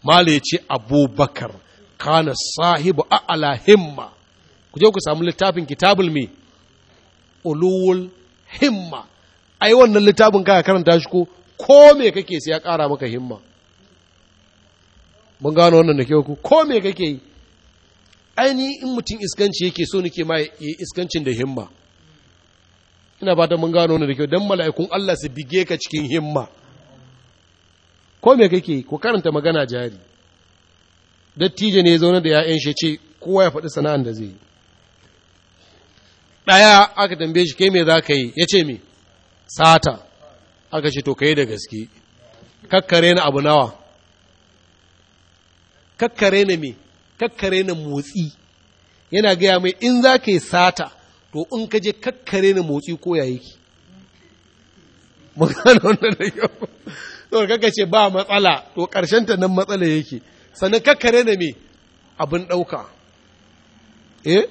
Speaker 1: Mala ya ce Abubakar kana sahibu a'ala himma ku je ku samu littafin kitabul mi ulul himma ai wannan littafin ka karanta shi ko ko me kake sai ya ƙara maka himma mun gano wannan da kyau ku ko me kake yi aini in mutum iskanci yake so nake ma yi iskancin da himma ina fatan mun gano wannan da kyau dan mala'ikun Allah su bige ka cikin himma ko me kake ku karanta magana jari dattijo ne ya zauna da ya'yan shi ce kowa ya faɗi sana'an da zai yi ɗaya aka tambaye shi kai me za ka yi ya ce me sata aka ce to kai da gaske kakkare na abu nawa kakkare na me kakkare na motsi yana gaya mai in za ka yi sata to in ka je kakkare na motsi ko ya ki magana wannan da yau to kaka ce ba matsala to karshen ta nan matsala yake sannan kakkare na me abin ɗauka eh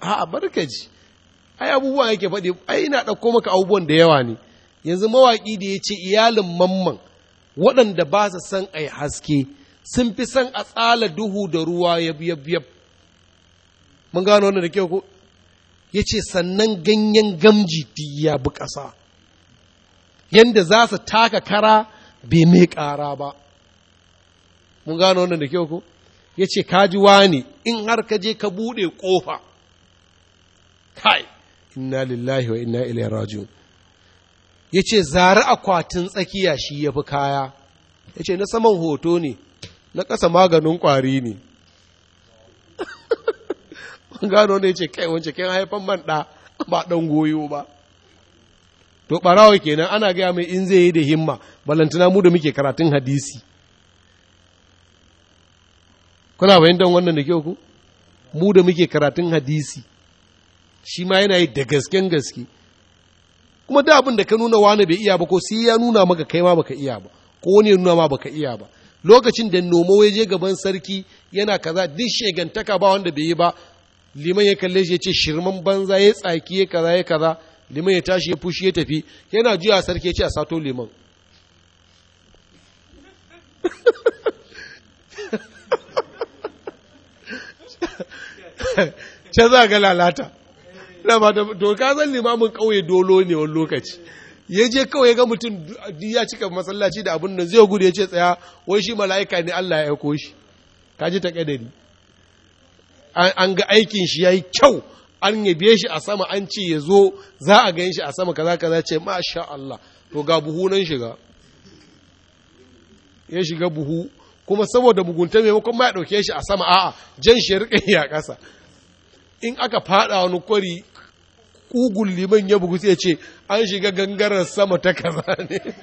Speaker 1: a barkaji ai abubuwa yake faɗi ai ina ɗauko maka abubuwan da yawa ne yanzu mawaƙi da ya ce iyalin mamman waɗanda ba su san a haske sun fi san a tsala duhu da ruwa yab yab yab mun gano wannan da kyau ko ya ce sannan ganyen gamji ya bi ƙasa yadda za su taka kara bai mai ƙara ba mun gano wannan da kyau ko ya ce kajiwa wani in har ka je ka buɗe ƙofa kai inna lillahi wa inna ilaihi raji'un yace zari akwatin tsakiya shi yafi kaya yace na saman hoto ne na ƙasa maganin ƙwari ne mun gano ne yace kai wance kai haifan man da ba dan goyo ba to barawa kenan ana gaya mai in zai yi da himma balantana mu da muke karatun hadisi kuna bayan wannan da kyau ku mu da muke karatun hadisi shi ma yana yi da gasken gaske kuma da abin da ka nuna wani bai iya ba ko sai ya nuna maka kai ma baka iya ba ko wani nuna ma baka iya ba lokacin da nomo ya je gaban sarki yana kaza duk shegantaka ba wanda bai yi ba liman ya kalle shi ya ce shirman banza ya tsaki ya kaza ya kaza liman ya tashi ya fushi ya tafi yana juya sarki ya ce a sato liman ce za ga lalata da ba to ka san limamin kauye dolo ne wani lokaci ya je kawai ga mutum ya cika masallaci da abin nan zai gudu ya ce tsaya wai shi mala'ika ne Allah ya aiko shi ka ji ta kadari an ga aikin shi yayi kyau an yabe shi a sama an ce ya zo za a gan shi a sama kaza kaza ce masha Allah to ga buhu nan shiga ya shiga buhu kuma saboda mugunta maimakon ma ya ɗauke shi a sama a'a jan shi ya riƙe a ƙasa in aka faɗa wani kwari ƙugun liman ya bugu sai ce an shiga gangarar sama ta kaza ne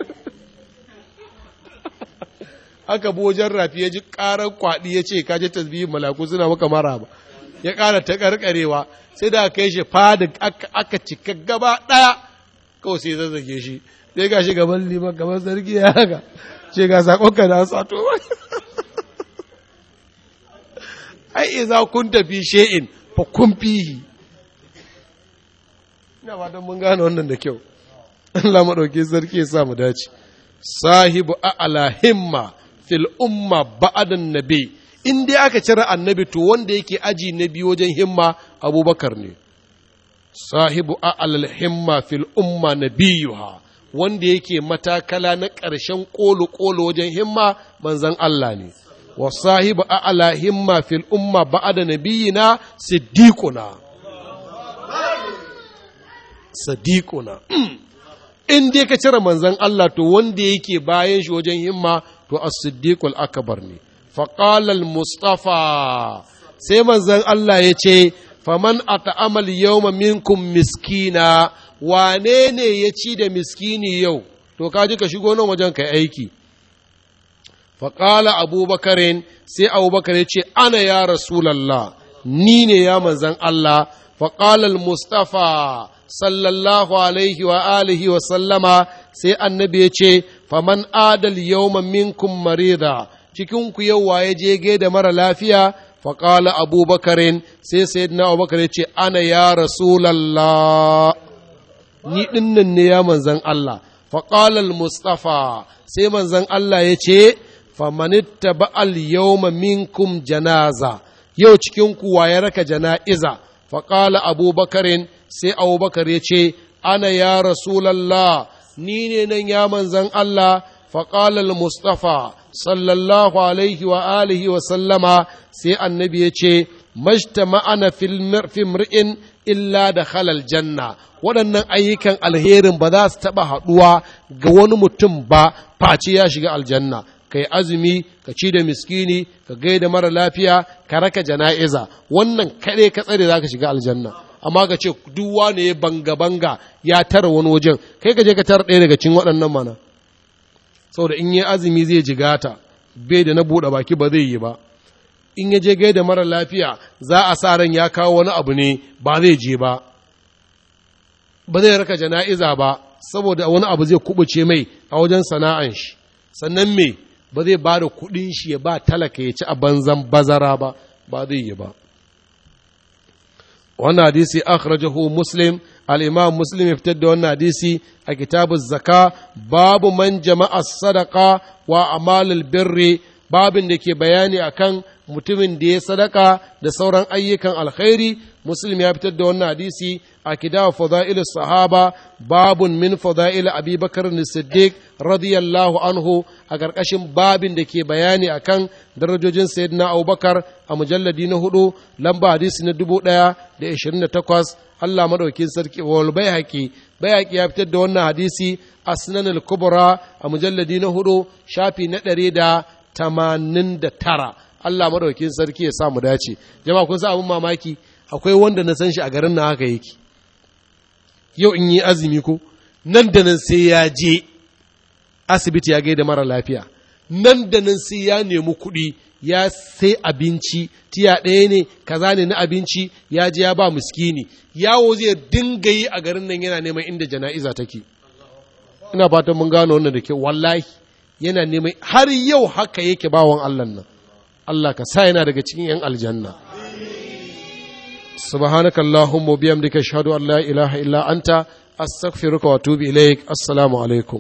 Speaker 1: aka bi wajen rafi ya ji ƙarar kwaɗi ya ce kaji tasbihin malaku suna maka mara ba ya ƙara ta ƙarƙarewa sai da aka yi shi fadin aka cika gaba ɗaya kawai sai zazzage shi sai ga shi gaban liman gaban sarki ya haka ce ga saƙonka na sato ai za kun tafi she'in fa kun fihi ina ba don mun gane wannan da kyau Allah maɗauki sarki ya sa mu dace sahibu a'ala himma fil umma ba'adan nabi in dai aka cire annabi to wanda yake aji na biyu wajen himma abubakar ne sahibu a'ala himma fil umma nabiyuha wanda yake matakala na ƙarshen ƙolo ƙolo wajen himma manzon Allah ne wa sahibu a'ala himma fil umma ba'ada nabiyina siddiquna sadiquna in dai ka cire manzon Allah to wanda yake bayan shi wajen himma to as-siddiqul akbar ne fa qala al-mustafa sai manzon Allah ya ce faman ata'amal yawma minkum miskina wane ne ya ci da miskini yau to ka ji ka shigo nan wajen kai aiki faƙala abubakar sai abubakar ya ce ana ya rasulullah ni ne ya manzan Allah faƙalar mustafa sallallahu alaihi wa alihi wa sallama sai annabi ya ce faman adal yawma minkum marida cikin ku yau waye je ge da mara lafiya fa qala abubakarin sai sayyidina abubakar ya ce ana ya rasulallah ni dinnan ne ya manzan Allah fa qala al mustafa sai manzan Allah ya ce famanitta ba'al yawma minkum janaza yau cikin ku waye raka jana'iza fa qala abubakarin sai abubakar ya ce ana ya rasulallah ni ne nan ya manzan Allah faƙalar Mustapha sallallahu alaihi wa alihi wa sallama sai annabi ya ce majta ma'ana fimri'in illa da halal janna waɗannan ayyukan alherin ba za su taɓa haɗuwa ga wani mutum ba face ya shiga aljanna ka yi azumi ka ci da miskini ka gaida mara lafiya ka raka jana'iza wannan kaɗai ka tsare za ka shiga aljanna amma ka ce duk wani ya banga banga ya tara wani wajen kai ka je ka tara ɗaya daga cikin waɗannan mana saboda in yi azumi zai jigata bai da na buɗe baki ba zai yi ba in ya je gai da mara lafiya za a sa ran ya kawo wani abu ne ba zai je ba ba zai raka jana'iza ba saboda wani abu zai kubuce mai a wajen sana'an shi sannan me ba zai ba da kuɗin shi ya ba talaka ya ci a banzan bazara ba ba zai yi ba wannan hadisi akhrajahu muslim al-imam muslim ya fitar da wannan hadisi a kitabuz zaka babu man jama'a sadaqa wa amalul birri babin da ke bayani akan mutumin da ya sadaka da sauran ayyukan alkhairi muslim ya fitar da wannan hadisi a kida fada'il sahaba babun min fada'il abubakar siddiq radiyallahu anhu a ƙarƙashin babin da ke bayani akan darajojin sayyidina abubakar a mujalladi na hudu lamba hadisi na dubu ɗaya da ishirin da takwas allah maɗaukin sarki wal bayhaqi bayhaqi ya fitar da wannan hadisi a sunan al-kubra a mujalladi na hudu shafi na ɗari da tamanin da tara Allah madaukin sarki ya samu dace jama'a kun sa abin mamaki akwai wanda na san shi a garin nan haka yake yau in yi azumi ko nan da nan sai ya je asibiti ya gaida mara lafiya nan da nan sai ya nemi kuɗi ya sai abinci tiya ɗaya ne kaza ne na abinci ya je ya ba muskini yawo zai dinga yi a garin nan yana neman inda jana'iza take ina fatan mun gano wannan da ke wallahi yana neman har yau haka yake bawon Allah nan Allah ka sa yana daga cikin yan aljanna subhanaka allahumma biyamdika ashhadu an la ilaha illa anta astaghfiruka wa atubu ilaik assalamu alaikum